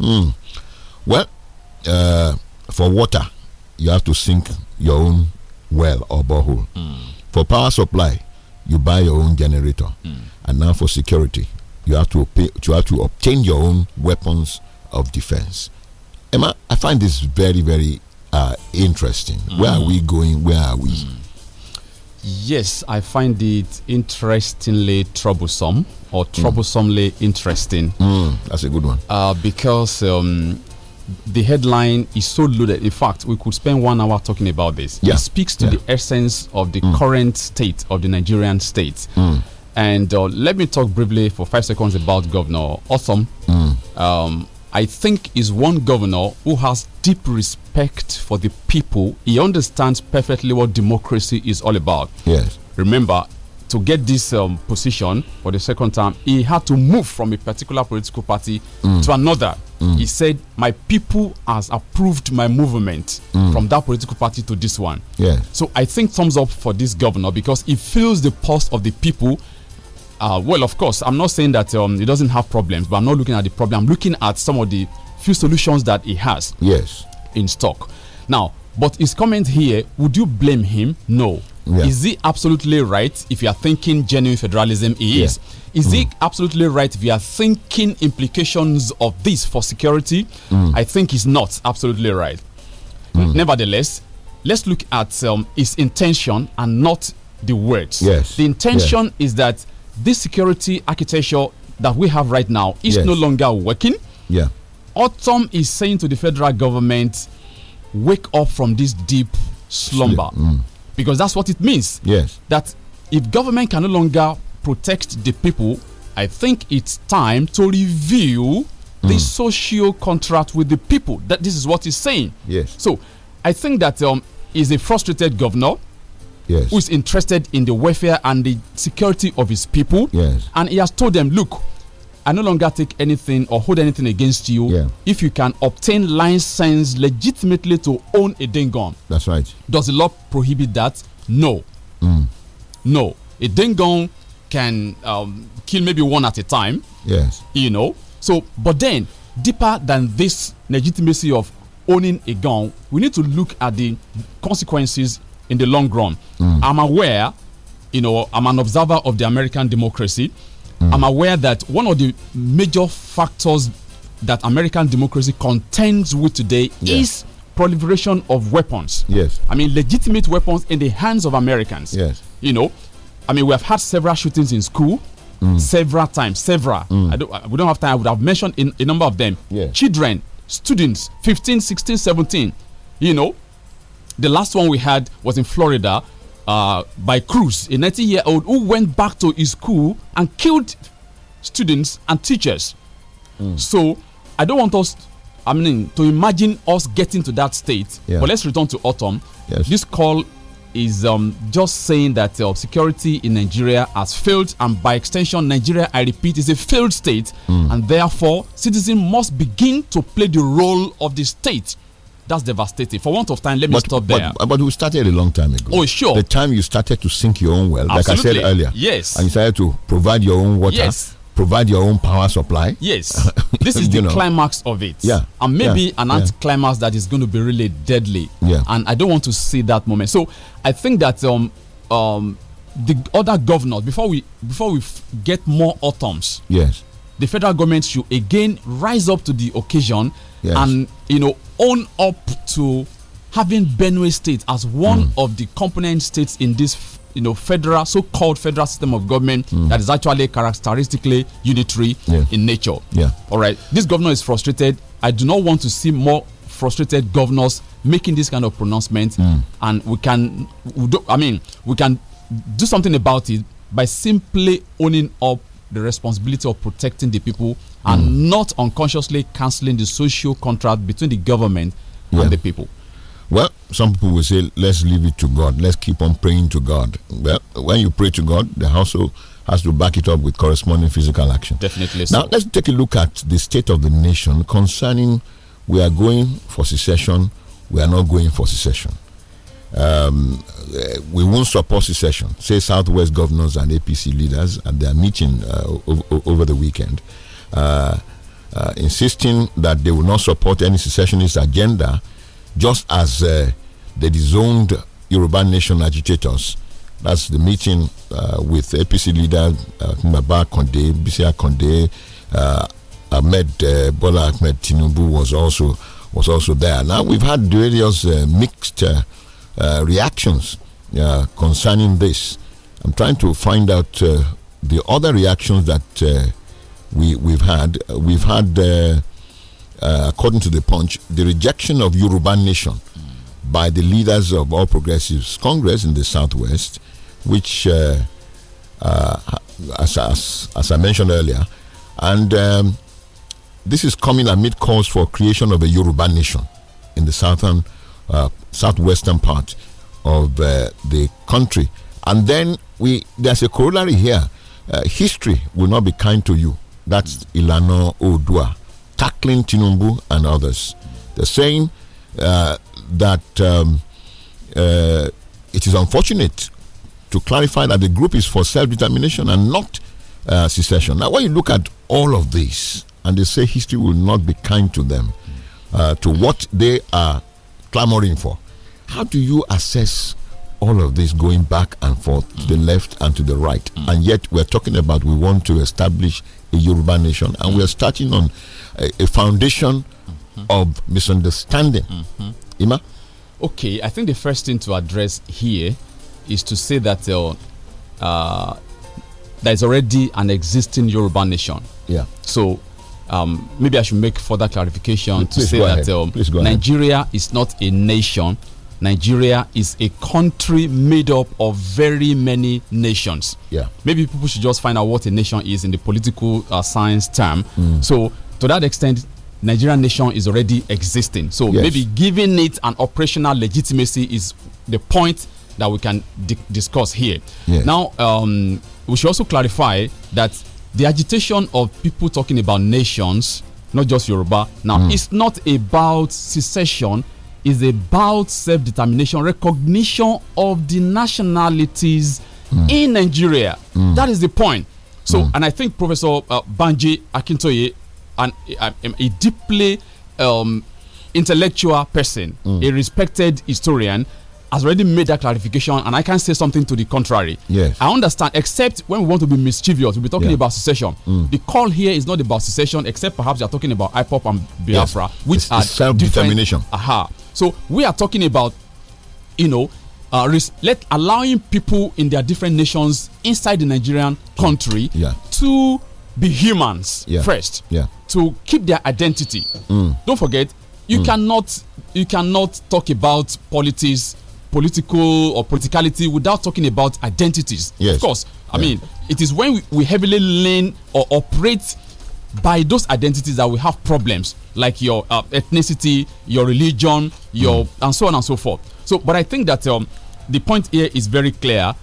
Mm. Well, uh, for water, you have to sink your own well or borehole. Mm. For power supply, you buy your own generator. Mm. And now for security, you have to you have to obtain your own weapons of defense. Emma, I find this very, very uh, interesting. Where are hmm. we going? Where are we? Hmm. Yes, I find it interestingly troublesome or mm. troublesomely mm. interesting. Mm, that's a good one. Uh, because um, the headline is so loaded. In fact, we could spend one hour talking about this. Yeah. It speaks to yeah. the essence of the mm. current state of the Nigerian state. Mm. And uh, let me talk briefly for five seconds about Governor Awesome. Mm. Um, I think, is one governor who has deep respect for the people. He understands perfectly what democracy is all about. Yes. Remember, to get this um, position for the second time, he had to move from a particular political party mm. to another. Mm. He said, "My people has approved my movement mm. from that political party to this one." Yeah. So I think thumbs up for this governor because he feels the pulse of the people uh, well, of course, I'm not saying that um, it doesn't have problems, but I'm not looking at the problem. I'm looking at some of the few solutions that he has. Yes. In stock. Now, but his comment here, would you blame him? No. Yeah. Is he absolutely right if you are thinking genuine federalism is? Yeah. Is mm. he absolutely right if you are thinking implications of this for security? Mm. I think he's not absolutely right. Mm. Nevertheless, let's look at um, his intention and not the words. Yes. The intention yes. is that this security architecture that we have right now is yes. no longer working. Yeah. Autumn is saying to the federal government, wake up from this deep slumber. Mm. Because that's what it means. Yes. That if government can no longer protect the people, I think it's time to review mm. the social contract with the people. That this is what he's saying. Yes. So I think that um, is a frustrated governor yes. who is interested in the welfare and the security of his people. Yes. And he has told them, look, I no longer take anything or hold anything against you yeah. if you can obtain license legitimately to own a ding That's right. Does the law prohibit that? No. Mm. No. A ding can um, kill maybe one at a time. Yes. You know. So, but then deeper than this legitimacy of owning a gun, we need to look at the consequences in the long run. Mm. I'm aware, you know, I'm an observer of the American democracy. Mm. I'm aware that one of the major factors that American democracy contends with today is proliferation of weapons. Yes. I mean, legitimate weapons in the hands of Americans. Yes. You know, I mean, we have had several shootings in school. Mm. Several times, several. Mm. Don't, we don't have time. I would have mentioned in, a number of them. Yeah. Children, students, 15, 16, 17. You know, the last one we had was in Florida uh, by Cruz, a 19 year old who went back to his school and killed students and teachers. Mm. So I don't want us, I mean, to imagine us getting to that state. Yeah. But let's return to autumn. Yes. This call is um, just saying that uh, security in Nigeria has failed, and by extension, Nigeria, I repeat, is a failed state, mm. and therefore, citizens must begin to play the role of the state that's devastating. For want of time, let me but, stop there. But, but, we started a long time ago. Oh, sure. The time you started to sink your own well, Absolutely. like I said earlier. Yes. And you started to provide your own water. Yes provide your own power supply. Yes. this is the know. climax of it. Yeah. And maybe yeah. an anticlimax yeah. that is going to be really deadly. Yeah. And I don't want to see that moment. So I think that um um the other governors before we before we get more autumns. Yes. The federal government should again rise up to the occasion yes. and you know own up to having Benue State as one mm. of the component states in this you know federal so-called federal system of government mm. that is actually characteristically unitary yeah. in nature. Yeah. All right. This governor is frustrated. I do not want to see more frustrated governors making this kind of pronouncement mm. and we can we do, I mean we can do something about it by simply owning up the responsibility of protecting the people and mm. not unconsciously cancelling the social contract between the government yeah. and the people. Well, some people will say, let's leave it to God. Let's keep on praying to God. Well, when you pray to God, the household has to back it up with corresponding physical action. Definitely. So. Now, let's take a look at the state of the nation concerning we are going for secession, we are not going for secession. Um, we won't support secession, say Southwest governors and APC leaders at their meeting uh, over, over, the weekend, uh, uh, insisting that they will not support any secessionist agenda, just as uh, the disowned Yoruba nation agitators. That's the meeting uh, with APC leader uh, Mbaba Konde, BCA Konde, uh, Ahmed Bola Ahmed Tinubu was also was also there. Now we've had various mixed. Uh, reactions uh, concerning this. I'm trying to find out uh, the other reactions that we we've had. We've had, according to the Punch, the rejection of Yoruba Nation by the leaders of All Progressives Congress in the Southwest, which, uh, uh, as, as, as, I mentioned earlier, and um, this is coming amid calls for creation of a Yoruba nation in the southern uh, southwestern part of uh, the country. And then we there's a corollary here. Uh, history will not be kind to you. That's Ilana Odua tackling Tinubu and others. The saying uh, that um, uh, it is unfortunate to clarify that the group is for self-determination and not uh, secession. Now, when you look at all of this, and they say history will not be kind to them, uh, to what they are clamoring for how do you assess all of this going back and forth mm. to the mm. left and to the right? Mm. And yet we're talking about we want to establish a Yoruba nation, and mm. we're starting on a, a foundation -hmm. of misunderstanding. -hmm. Ima? Okay, I think the first thing to address here is to say that uh, uh, there is already an existing Yoruba nation. Yeah. So um, maybe I should make further clarification Please to say that um, Nigeria ahead. is not a nation Nigeria is a country made up of very many nations. Yeah. Maybe people should just find out what a nation is in the political uh, science term. Mm. So, to that extent, Nigerian nation is already existing. So, yes. maybe giving it an operational legitimacy is the point that we can di discuss here. Yes. Now, um, we should also clarify that the agitation of people talking about nations, not just Yoruba, now mm. it's not about secession is about self determination, recognition of the nationalities mm. in Nigeria. Mm. That is the point. So, mm. and I think Professor uh, Banji Akintoye, an um, um, a deeply um, intellectual person, mm. a respected historian, has already made that clarification, and I can't say something to the contrary. Yes. I understand, except when we want to be mischievous, we'll be talking yeah. about secession. Mm. The call here is not about secession, except perhaps you're talking about IPOP and Biafra, yes. which it's, are self determination. Aha. Uh -huh. So we are talking about, you know, uh, let allowing people in their different nations inside the Nigerian country yeah. to be humans yeah. first. Yeah. To keep their identity. Mm. Don't forget, you mm. cannot you cannot talk about politics, political or politicality without talking about identities. Yes. Of course. I mean, it is when we, we heavily lean or operate by those identities that we have problems, like your uh, ethnicity, your religion, your mm. and so on and so forth. So, but I think that um, the point here is very clear.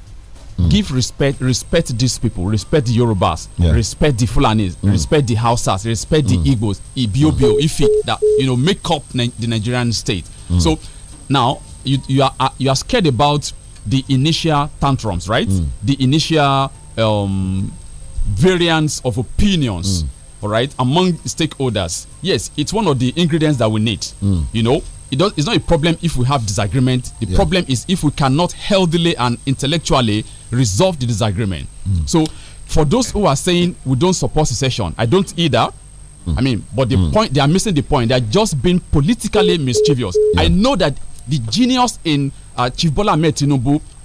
Mm. Give respect, respect these people, respect the Yorubas, yeah. respect the Fulanis, mm. respect the Hausas, respect the mm. Igbos, Ibiobio, mm. Ifi, that you know make up the Nigerian state. Mm. So now you you are uh, you are scared about the initial tantrums, right? The initial um, variance of opinions Right among stakeholders. Yes, it's one of the ingredients that we need. Mm. You know, it does, it's not a problem if we have disagreement. The yeah. problem is if we cannot healthily and intellectually resolve the disagreement. Mm. So, for those who are saying we don't support secession, I don't either. Mm. I mean, but the hmm. point they are missing the point. They are just being politically mischievous. Yeah. I know that the genius in uh, Chief Bola Ahmed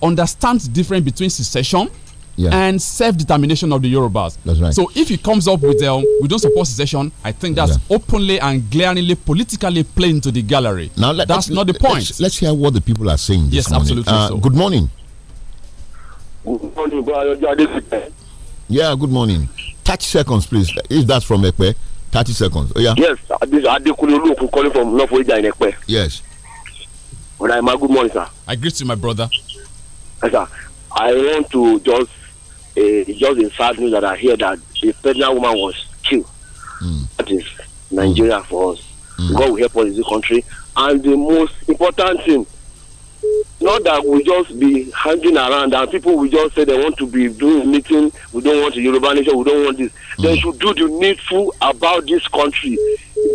understands the difference between secession yeah. and self-determination of the Yorubas. That's right. So if he comes up with them, we don't support secession, I think that's yeah. openly and glaringly politically playing to the gallery. Now let, that's let, not the point. Let's, let's, hear what the people are saying. yes, morning. absolutely. Uh, so. Good morning. Good morning. Yeah, good morning. Thirty seconds, please. If that's from Ekpe, thirty seconds. Oh, yeah. Yes, this Adekunle Oluokun calling from North Oja in Ekpe. Yes. am a good morning, sir. I greet you, my brother. Yes, sir. I want to just Eh, just in fact news that I hear that a pregnant woman was killed. Mm. That is Nigeria mm. for us. Mm. God will help us in this country. And the most important thing, not that we just be hanging around and people will just say they want to be doing meeting, we don't want a Yoruba nation, we don't want this. They hmm. should do the needful about this country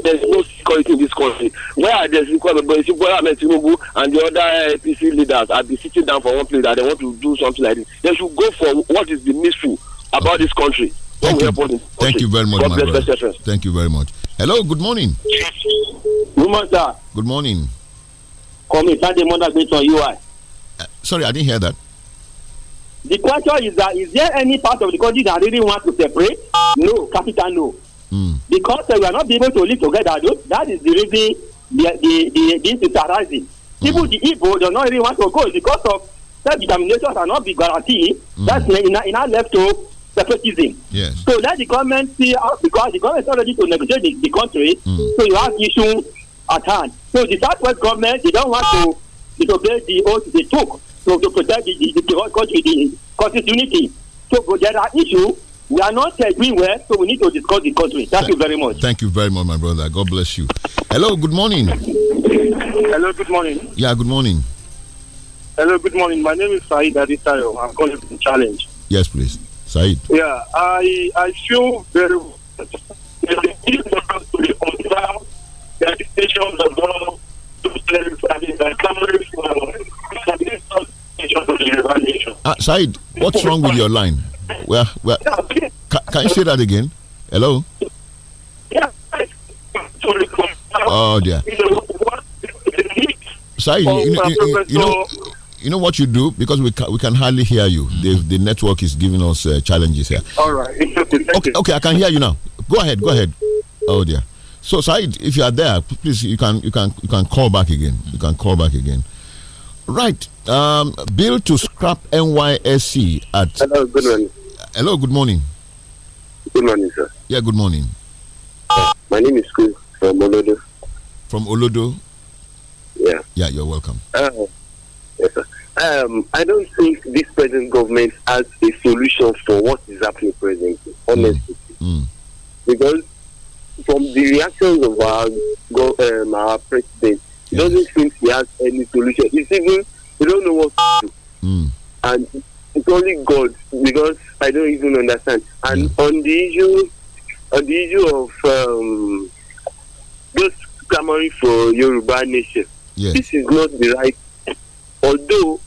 there's no security in this country. Where there's requirement, but you see, where Ahmed Tinubu and the other APC eh, leaders are be sitting down for one place that they want to do something like this. They should go for what is the mystery about this country. Thank you. Thank you very much, my brother. Thank you very much. Hello, good morning. Good morning, sir. Good morning. Come me Sunday Monday based on UI. sorry, I didn't hear that. The question is that is there any part of the country that really want to separate? No, capital no. Mm. Because uh, we are not able to live together, that is the reason the, the, the, this is arising. Mm. People, the they do not really want to go because of self determination not be guaranteed. Mm. That's in, in our left to separatism. Yes. So let the government see because the government is already to negotiate the, the country, mm. so you have issue at hand. So the Southwest government, they don't want to disobey the oath they took to, to protect the, the, the country, the country's unity. So there are issues we are not uh, doing well, so we need to discuss the country. Thank, Thank you very much. Thank you very much, my brother. God bless you. Hello, good morning. Hello, good morning. Yeah, good morning. Hello, good morning. My name is Said Aditayo. I'm calling from Challenge. Yes, please. Said. Yeah, I I feel very Ah, Said, what's wrong with your line? Well, well can, can you say that again? Hello? Yeah. Oh, dear. Sorry, you, know, you, you, know, you know what you do because we can, we can hardly hear you. The, the network is giving us uh, challenges here. All right. okay, okay, I can hear you now. Go ahead, go ahead. Oh dear. So Said, if you are there, please you can you can you can call back again. You can call back again. Right. Um, bill to scrap NYSC at. Hello, good morning. Hello, good morning. Good morning, sir. Yeah, good morning. My name is Chris from Olodo. From Olodo? Yeah. Yeah, you're welcome. Uh, yes, sir. Um, I don't think this present government has a solution for what is happening presently, mm. honestly. Mm. Mm. Because from the reactions of our, go, um, our president, he doesn't think he has any solution. He's even he don't know what to do. Mm. And it's only God because I don't even understand. And yeah. on the issue on the issue of um, those clamoring for Yoruba nation, yes. this is not the right although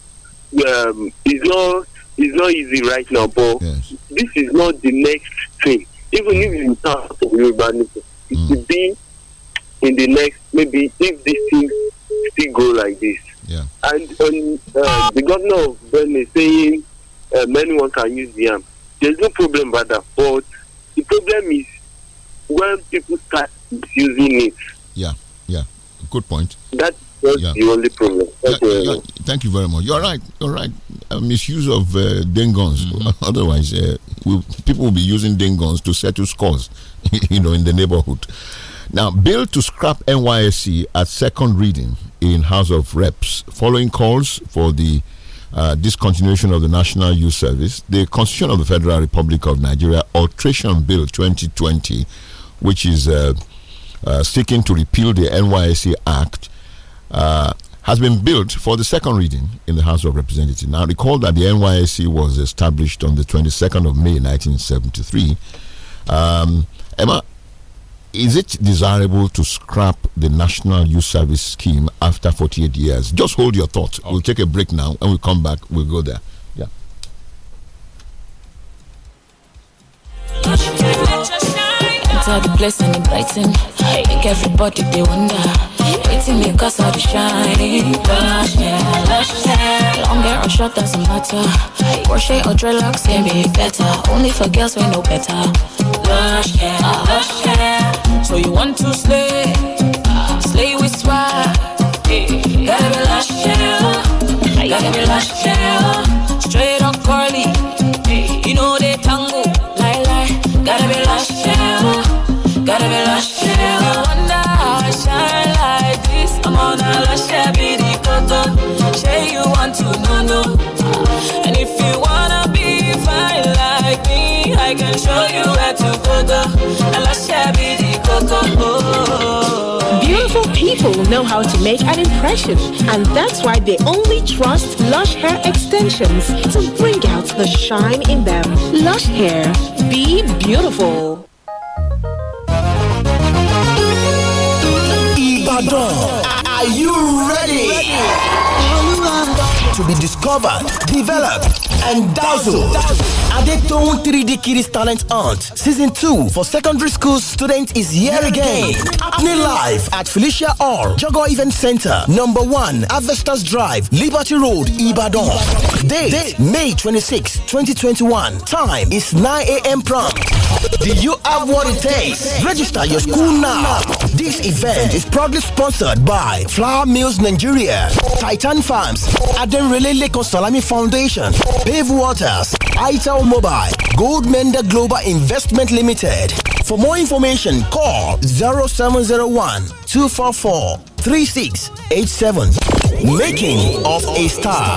um, it's not it's not easy right now, but yes. this is not the next thing. Even if you start Yoruba nation, it mm. should be in the next maybe if these things still go like this. Yeah. And um, uh, the governor of is saying um, uh, anyone can use the arm. There's no problem about that, but the problem is when people start using it. Yeah, yeah, good point. That's yeah. the only problem. Yeah, yeah, thank you very much. You're right. You're right. Um, misuse of uh, dengons. Mm -hmm. Otherwise, uh, we'll, people will be using dengons to settle scores, you know, in the neighborhood. Now, bill to scrap NYSC at second reading in House of Reps following calls for the uh, discontinuation of the National Youth Service, the Constitution of the Federal Republic of Nigeria Alteration Bill 2020, which is uh, uh, seeking to repeal the NYSC Act, uh, has been built for the second reading in the House of Representatives. Now, recall that the NYSC was established on the 22nd of May 1973. Um, Emma, is it desirable to scrap the National Youth Service Scheme after 48 years? Just hold your thought. Okay. We'll take a break now and we'll come back. We'll go there. Yeah. It's all the blessing and everybody they wonder. Hating me cause I be shining Lush hair, lush hair Long hair or short doesn't matter Crochet or dreadlocks can be better Only for girls we know better Lush hair, lush hair So you want to slay Slay with swag Gotta be lush hair Gotta be lush hair Beautiful people know how to make an impression, and that's why they only trust Lush Hair Extensions to bring out the shine in them. Lush Hair, be beautiful. Ibadan, are you ready? ready? To be discovered, developed and dazzled. Adetown 3D Kids Talent Hunt Season 2 for secondary school students is here again. Happening live at Felicia Hall, Jogo Event Center, number 1, Avestas Drive, Liberty Road, Ibadan. Date, May 26, 2021. Time is 9 a.m. prompt. Do you have what it takes? Register your school now. This event is proudly sponsored by Flower Mills Nigeria, Titan Farms, Adenrele Leko Salami Foundation, Pave Waters, ITEL Mobile, Goldmender Global Investment Limited. For more information, call 0701 244 3687. Making of a Star.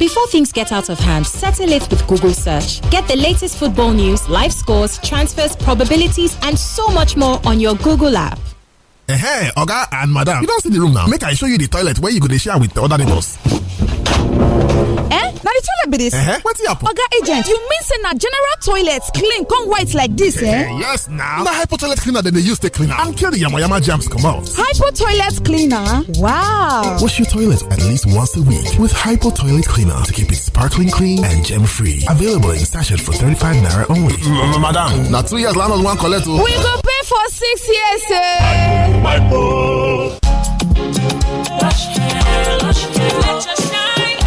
Before things get out of hand, settle it with Google Search. Get the latest football news, live scores, transfers, probabilities, and so much more on your Google app. Hey, Oga and Madam, you don't see the room now. Make I show you the toilet where you could share with the other neighbors. eh Now the toilet be dis What's the apple? oga agent you mean say na general toilet clean come white like this? eh yes na na hypo toilet cleaner than they use to clean am and kill di yamayama germs out. hypo toilet cleaner wow Wash your toilet at least once a week with Hypo Toilet Cleaner to keep it sparkling clean and gem free. Available in sachet for 35 naira only. Madam, now two years land landlord one collect. Oh. We go pay for six years. Eh? Let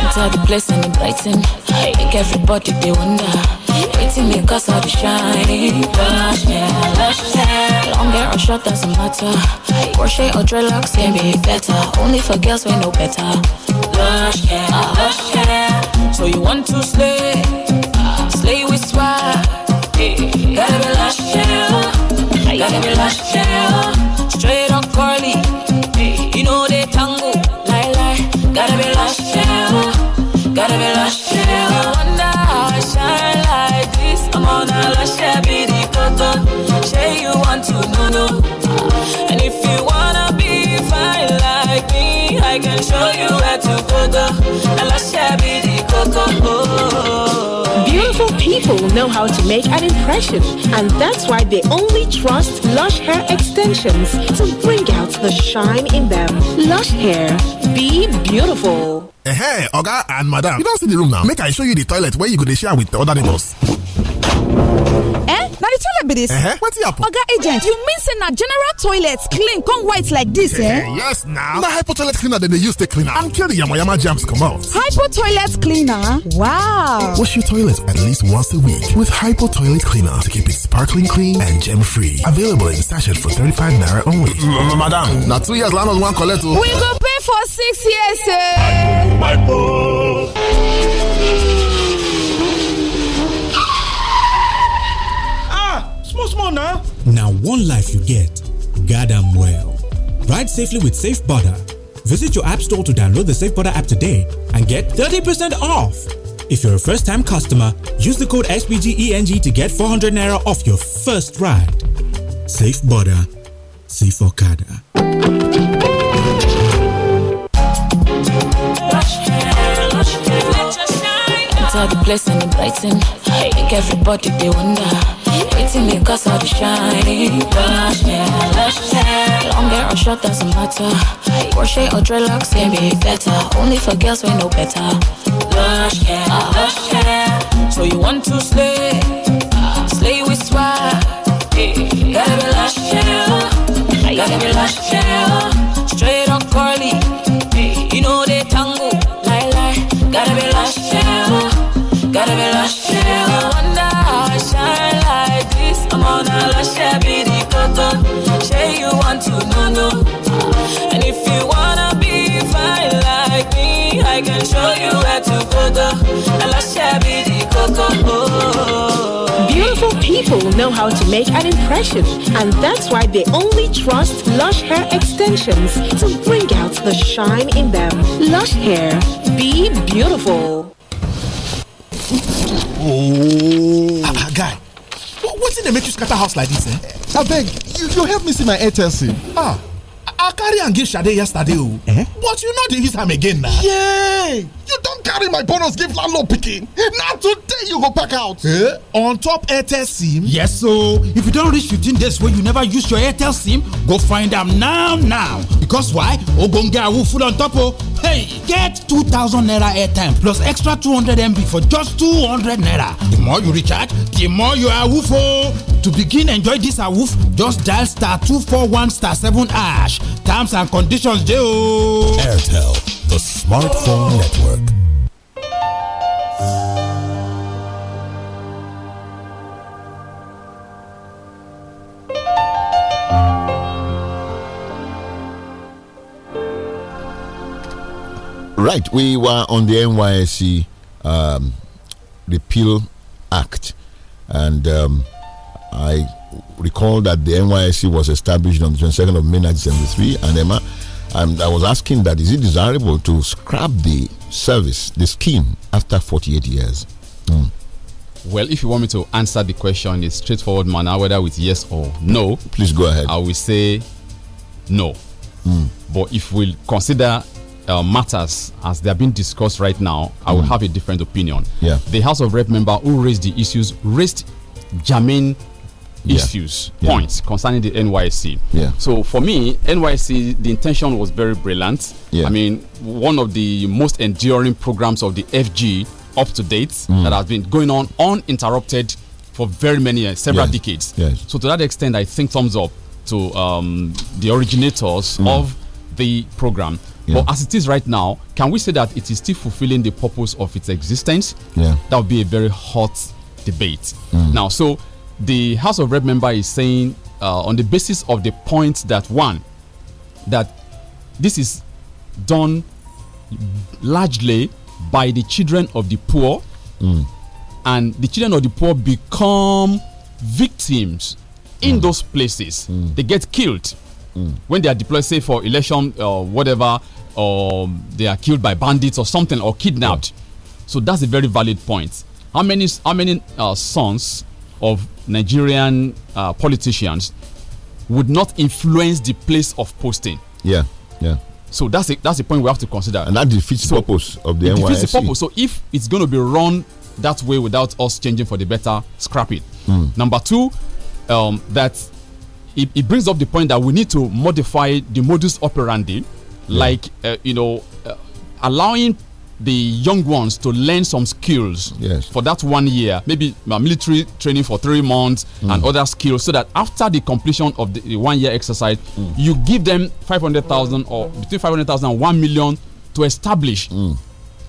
It's all the place and the blessing. Make everybody they wonder. Pretty me cause all the shine Lush, yeah, lush, yeah Long hair or short doesn't matter Crochet or dreadlocks can be better Only for girls we know better Lush, yeah, lush, yeah So you want to slay Slay with swag Gotta be lush, hair. Gotta be lush, hair. know how to make an impression, and that's why they only trust Lush Hair Extensions to bring out the shine in them. Lush Hair, be beautiful. Hey, Oga and Madam, you don't see the room now. Make I show you the toilet where you could share with the other neighbors. na the toilet be dis uh-huh. what e happen. oga agent you mean say na general toilet clean come white like this, eh, eh? yes now. na hypo toilet cleaner dem dey use take clean am and kill the yamayama germs out. hypo toilet cleaner wow wash your toilet at least once a week with hypo toilet cleaner to keep it sparkling clean and germ free available in sachet for 35 naira only madam na two years landlord wan collect o we go pay for six years eh now? Now one life you get. goddamn well. Ride safely with Safe Butter. Visit your app store to download the Safe Butter app today and get 30% off. If you're a first time customer, use the code SBGENG to get 400 Naira off your first ride. Safe Butter, Safe Okada. Lights the and Make everybody they wonder. Pretty me cause all the shining Lush hair, lush hair Long hair or short doesn't matter Crochet or dreadlocks can be better Only for girls we know better Lush hair, lush hair So you want to slay Slay with swag Gotta be lush hair Gotta be lush hair Straight or curly You know they tango Lie, lie Gotta be lush hair Gotta be lush people know how to make an impression, and that's why they only trust Lush Hair Extensions to bring out the shine in them. Lush Hair, be beautiful. Oh, ah, ah guy, what's in the make scatter house like this? Eh? I beg, you, you help me see my ATLC. Ah. i carry and give sade yesterday o oh. eh? but you no dey use am again na yay you don't carry my bonus gift landlord picking. Now today you go pack out eh on top airtel sim yes ooo if you don't reach 15 days wey you never use your airtel sim go find them now now because why ogbonge awoof full on top oh. hey get 2000 naira airtime plus extra 200mb for just 200 naira the more you recharge the more you are woof, oh. to begin enjoy dis awoof just dial star 241 star 7 ash terms and conditions dey o. airtel the smartphone oh. network. Right, we were on the NYC um, Repeal Act, and um, I recall that the NYSC was established on the 22nd of May 1973, and Emma, and I was asking that is it desirable to scrap the service, the scheme, after 48 years? Mm. Well, if you want me to answer the question in a straightforward manner, whether with yes or no, please go ahead. I will say no. Mm. But if we consider uh, matters as they are being discussed right now, I will hmm. have a different opinion. Yeah. The House of Rep member who raised the issues raised germane issues, yeah. points concerning the NYC. Yeah. So for me, NYC, the intention was very brilliant. Yeah. I mean, one of the most enduring programs of the FG up to date mm. that has been going on uninterrupted for very many years, several yes. decades. Yes. So to that extent, I think thumbs up to um, the originators mm. of the program. Yeah. But as it is right now, can we say that it is still fulfilling the purpose of its existence? Yeah. That would be a very hot debate. Mm. Now, so the House of Rep member is saying uh, on the basis of the point that one, that this is done largely by the children of the poor, mm. and the children of the poor become victims in mm. those places. Mm. They get killed hmm. when they are deployed, say for election or uh, whatever, or um, they are killed by bandits or something or kidnapped. Yeah. So that's a very valid point. How many how many uh, sons of Nigerian uh, politicians would not influence the place of posting. Yeah, yeah. So that's a, that's the point we have to consider. And that defeats so the purpose of the it NYSC. defeats the purpose. So if it's going to be run that way without us changing for the better, scrap it. Mm. Number two, um, that it, it, brings up the point that we need to modify the modus operandi, yeah. like uh, you know, uh, allowing the young ones to learn some skills yes. for that one year, maybe uh, military training for three months mm. and other skills, so that after the completion of the, one year exercise, mm. you give them 500,000 or between 500,000 and 1 million to establish. Mm.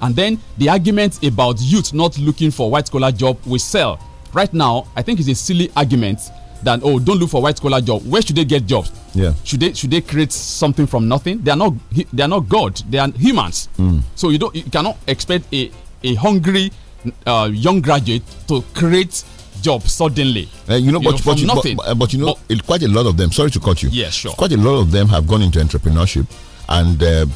And then the argument about youth not looking for white collar job will sell. Right now, I think it's a silly argument than oh don't look for white collar job where should they get jobs yeah should they should they create something from nothing they are not they are not god they are humans mm. so you don't you cannot expect a a hungry uh, young graduate to create job suddenly. Uh, you know, you but, but, you, nothing. But, but, you know, but, quite a lot of them. Sorry to cut you. Yes, yeah, sure. Quite a lot of them have gone into entrepreneurship, and uh,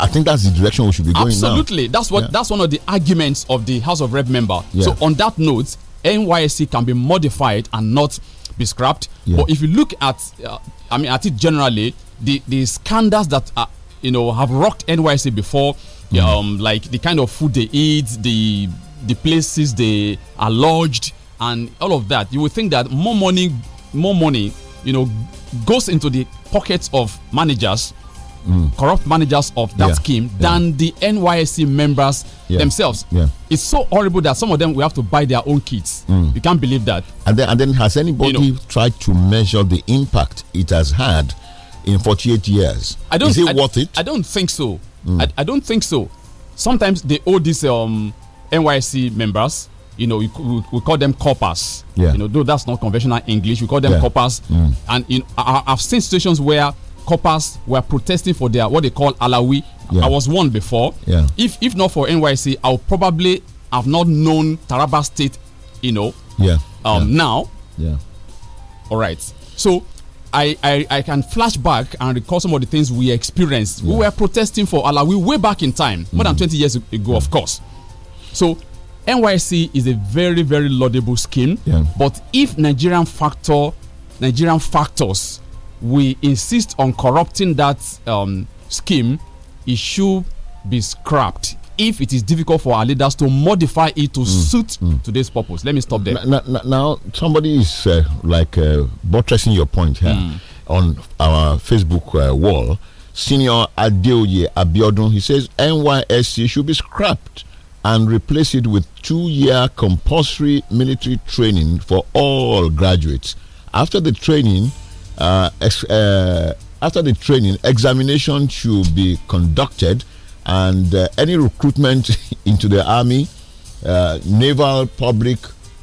I think that's the direction we should be going. Absolutely, now. that's what yeah. that's one of the arguments of the House of Rep member. Yeah. So on that note, NYSC can be modified and not be scrapped. Yeah. But if you look at, uh, I mean, at it generally, the the scandals that are, you know have rocked NYC before, mm. um, like the kind of food they eat, the the places they are lodged, and all of that, you would think that more money, more money, you know, goes into the pockets of managers mm. corrupt managers of that yeah. scheme than the NYSC members yeah. themselves. It's so horrible that some of them will have to buy their own kits. Mm. You can't believe that. And then, and then has anybody you know, tried to measure the impact it has had in 48 years? I don't, Is it I, worth it? I don't think so. Mm. I, I, don't think so. Sometimes they owe these um, NYSC members you know, we, we, call them coppers. Yeah. You know, though that's not conventional English, we call them yeah. coppers. Mm. And in, I, have seen situations where coppers were protesting for their what they call alawi. Yeah. I was one before. Yeah. If if not for NYC, I'll probably have not known Taraba State. You know. Yeah. Um. Yeah. Now. Yeah. All right. So. I, I, I can flash back and recall some of the things we experienced. We were protesting for Alawi way back in time, more mm than 20 years ago, of course. So NYC is a very, very laudable scheme. Yeah. But if Nigerian factor, Nigerian factors we insist on corrupting that um, scheme, it should be scrapped if it is difficult for our leaders to modify it to mm, suit mm. today's purpose. Let me stop there. Now, now, now somebody is uh, like uh, buttressing your point here mm. on our Facebook uh, wall. Senior Adeoye Abiodun, he says NYSC should be scrapped and replace it with two-year compulsory military training for all graduates. After the training, uh, uh, after the training, examination should be conducted, and uh, any recruitment into the army, uh, naval public,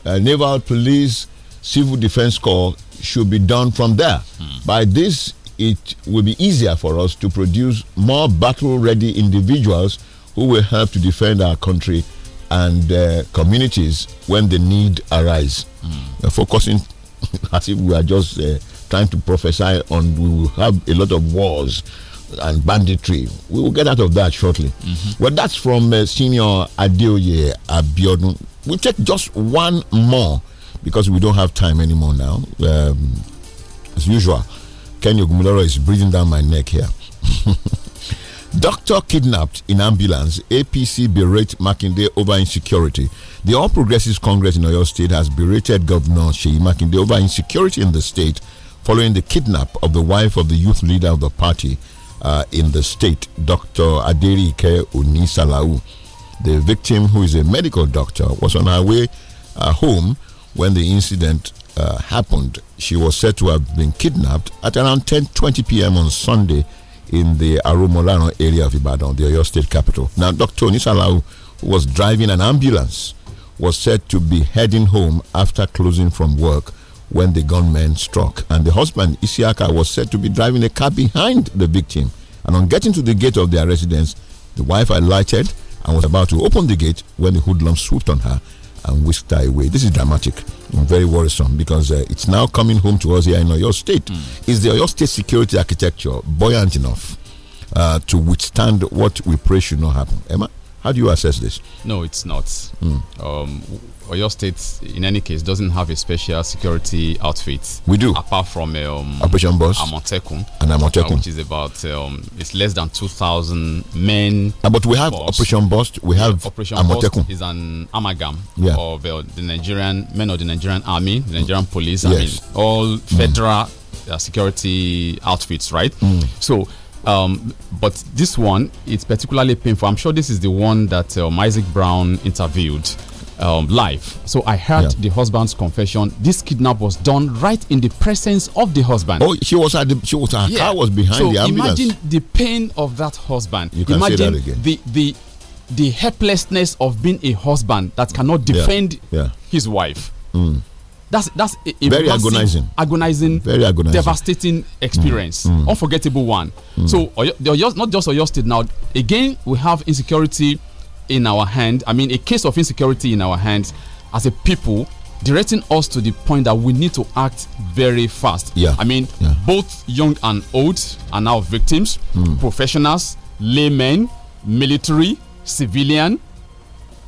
uh, naval police, civil defense corps should be done from there. Mm. By this, it will be easier for us to produce more battle-ready individuals who will help to defend our country and uh, communities when the need arise. Mm. Uh, focusing as if we are just uh, trying to prophesy on we will have a lot of wars and banditry. We will get out of that shortly. Mm -hmm. Well, that's from uh, Senior Adeoye Abiodun. We'll take just one more because we don't have time anymore now. Um, as usual, Kenya Gumuloro is breathing down my neck here. Doctor kidnapped in ambulance, APC berate Makinde over insecurity. The All Progressives Congress in Oyo State has berated Governor Sheyi Makinde over insecurity in the state following the kidnap of the wife of the youth leader of the party uh, in the state, Dr. Aderike Unisalau. The victim, who is a medical doctor, was on her way uh, home when the incident uh, happened. She was said to have been kidnapped at around 10:20 p.m. on Sunday in the Arumolano area of Ibadan, the Oyo State capital. Now, Dr. Unisalau, who was driving an ambulance, was said to be heading home after closing from work when the gunman struck. And the husband, Isiaka, was said to be driving a car behind the victim. And on getting to the gate of their residence, the wife alighted and was about to open the gate when the hoodlum swooped on her and whisked her away. This is dramatic and very worrisome because uh, it's now coming home to us here in Oyo State. Mm. Is the Oyo State security architecture buoyant enough uh, to withstand what we pray should not happen? Emma, how do you assess this? No, it's not. Mm. Um, Oyo State, in any case, doesn't have a special security outfit. We do. Apart from um, Operation Boss, Amotekun, and Amotekun, uh, which is about um, it's less than two thousand men. Uh, but we have boss. Operation Boss. We have Operation Amotekun. Boss is an amalgam yeah. of uh, the Nigerian men of the Nigerian Army, the Nigerian mm. Police. Yes. I mean, all mm. federal mm. security outfits, right? Mm. So. Um, but this one, it's particularly painful. I'm sure this is the one that um, Isaac Brown interviewed um, life. So I heard yeah. the husband's confession. This kidnap was done right in the presence of the husband. Oh, she was at the she was her yeah. car was behind so the ambulance. imagine the pain of that husband. You can imagine say that again. the the the helplessness of being a husband that cannot defend yeah. his wife. Mm. That's that's a, a very agonizing, agonizing, very agonizing, devastating experience, mm. Mm. unforgettable one. Mm. So, Oyo, the Oyo, not just Oyo State now. Again, we have insecurity in our hand, I mean, a case of insecurity in our hands as a people directing us to the point that we need to act very fast. Yeah. I mean, yeah. both young and old are now victims, mm. professionals, laymen, military, civilian,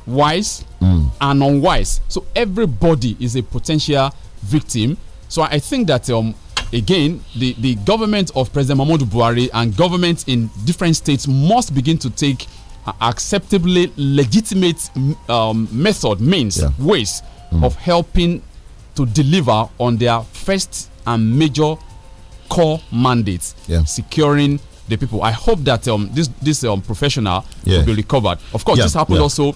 wise, mm. and unwise. So everybody is a potential victim. So I think that um, again, the, the government of President Mahmoud Buhari and governments in different states must begin to take acceptably legitimate um, method, means, yeah. ways mm. of helping to deliver on their first and major core mandates, yeah. securing the people. I hope that um, this this um, professional yeah. will be recovered. Of course, this happened also,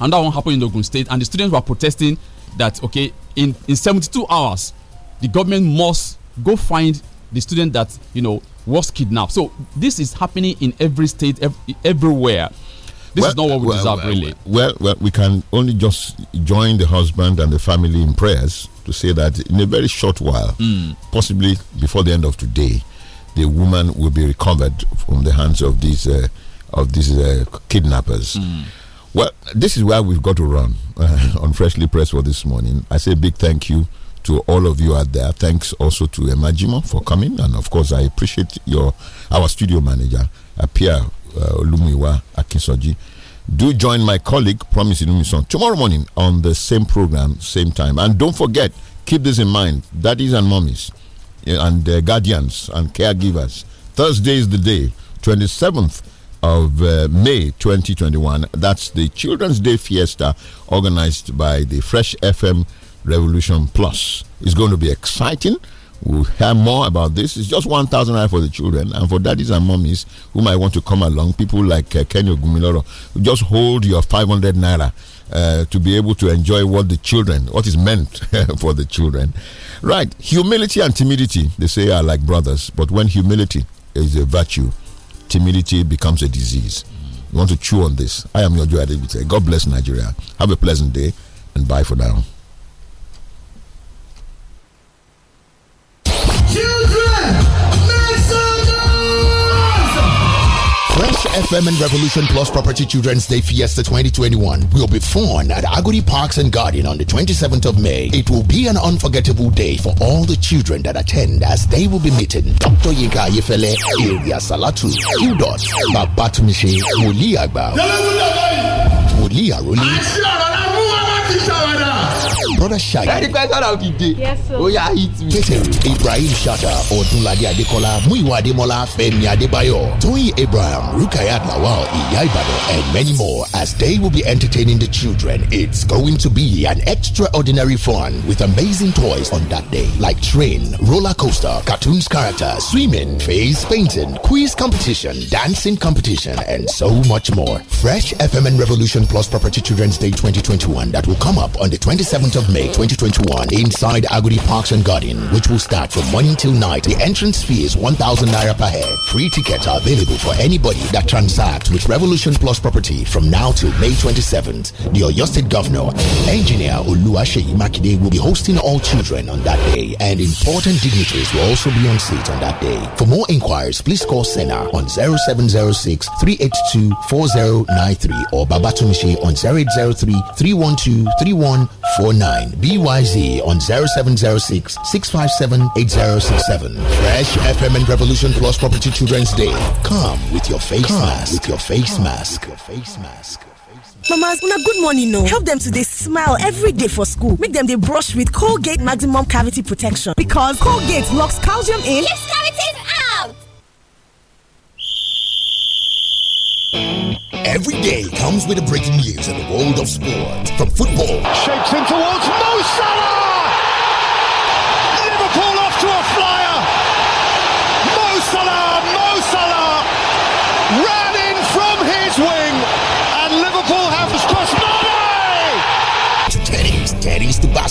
and that one happened in Ogun State, and the students were protesting that okay, in in 72 hours, the government must go find the student that you know was kidnapped. So this is happening in every state, ev everywhere. This well, is not what we well, deserve, well, really. Well, well, we can only just join the husband and the family in prayers to say that in a very short while, mm. possibly before the end of today, the woman will be recovered from the hands of these uh, of these uh, kidnappers. Mm. Well, this is where we've got to run uh, on Freshly Pressed for this morning. I say big thank you to all of you out there. Thanks also to Emajimo for coming, and of course, I appreciate your our studio manager, Apia uh, Lumiwa Akinsoji. Do join my colleague, Promise Ilumison, tomorrow morning on the same program, same time. And don't forget, keep this in mind daddies and mummies, eh, and uh, guardians and caregivers. Thursday is the day, 27th of uh, May 2021. That's the Children's Day Fiesta organized by the Fresh FM Revolution Plus. It's going to be exciting. We'll hear more about this. It's just 1,000 naira for the children and for daddies and mummies who might want to come along. People like uh, Kenny Ogumiloro, just hold your 500 naira. Uh, to be able to enjoy what the children, what is meant for the children. Right, humility and timidity, they say are like brothers, but when humility is a virtue, timidity becomes a disease. You want to chew on this? I am your Joy God bless Nigeria. Have a pleasant day and bye for now. Femin Revolution Plus Property Children's Day Fiesta 2021 will be fun at Agodi Parks and Garden on the 27th of May. It will be an unforgettable day for all the children that attend as they will be meeting Dr. Yinka Ayefele, Ilya Salatu, Qdot, Babatunde, Woli Agba, Woli Aroli brother shayo. ẹni pẹ́ sọ̀rọ̀ ò ti dé ó yà hit me. kékeré ibrahim shata ọdúnladé adékọlá muyiwa adémọlá fẹ́mi adébáyọ̀ tóyìn abraham rukayat lawal ìyá ìbàdàn and many more as they will be entertaining the children it's going to be an extraordinary fun with amazing toys on that day like train roller coaster cartoons character swimming face painting quiz competition dancing competition and so much more fresh fm and revolution plus property children's day 2021 that will come up on the 27th of May 2021 inside Aguri Parks and Garden, which will start from morning till night. The entrance fee is 1,000 naira per head. Free tickets are available for anybody that transacts with Revolution Plus property from now till May 27th. The Oyo State Governor, Engineer Oluwaseyi Makinde will be hosting all children on that day and important dignitaries will also be on seat on that day. For more inquiries, please call Sena on 0706 382 4093 or Babatumishi on 0803 312 3149. BYZ on 0706 657 8067. Fresh FM and Revolution Plus Property Children's Day. Come with your face Come mask. With your face Come mask. With your face mask. Mamas, una good morning no. Help them to they smile every day for school. Make them they brush with Colgate Maximum Cavity Protection because Colgate locks calcium in. Keeps cavities out. Every day comes with a breaking news in the world of sports. From football, shapes in towards Mo Salah!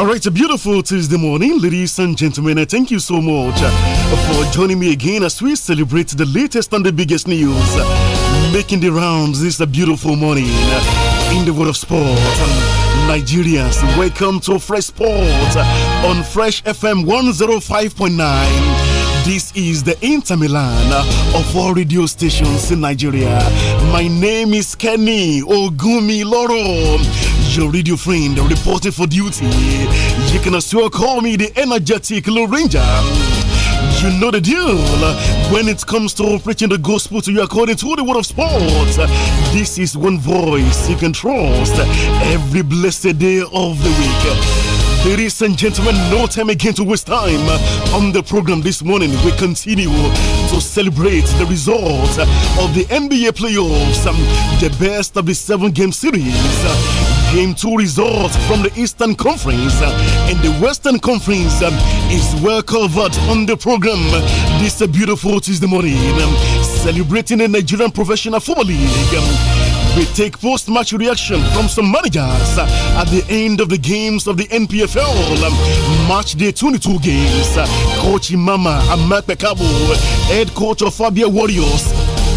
All right, a beautiful Tuesday morning, ladies and gentlemen. thank you so much uh, for joining me again as we celebrate the latest and the biggest news uh, making the rounds this beautiful morning uh, in the world of sport. Nigerians, welcome to Fresh Sport on Fresh FM 105.9. This is the Inter Milan of all radio stations in Nigeria. My name is Kenny Ogumi your radio friend reporting for duty. You can still call me the energetic Lone Ranger. You know the deal. When it comes to preaching the gospel to you according to the word of sports, this is one voice you can trust every blessed day of the week. Ladies and gentlemen, no time again to waste time. On the program this morning, we continue to celebrate the results of the NBA playoffs, um, the best of the seven game series came two results from the Eastern Conference, and the Western Conference is well covered on the program this beautiful Tuesday morning, celebrating the Nigerian Professional Football League. We take post match reaction from some managers at the end of the games of the NPFL match day 22 games. Coach Imama Amakpekabo, head coach of Fabia Warriors,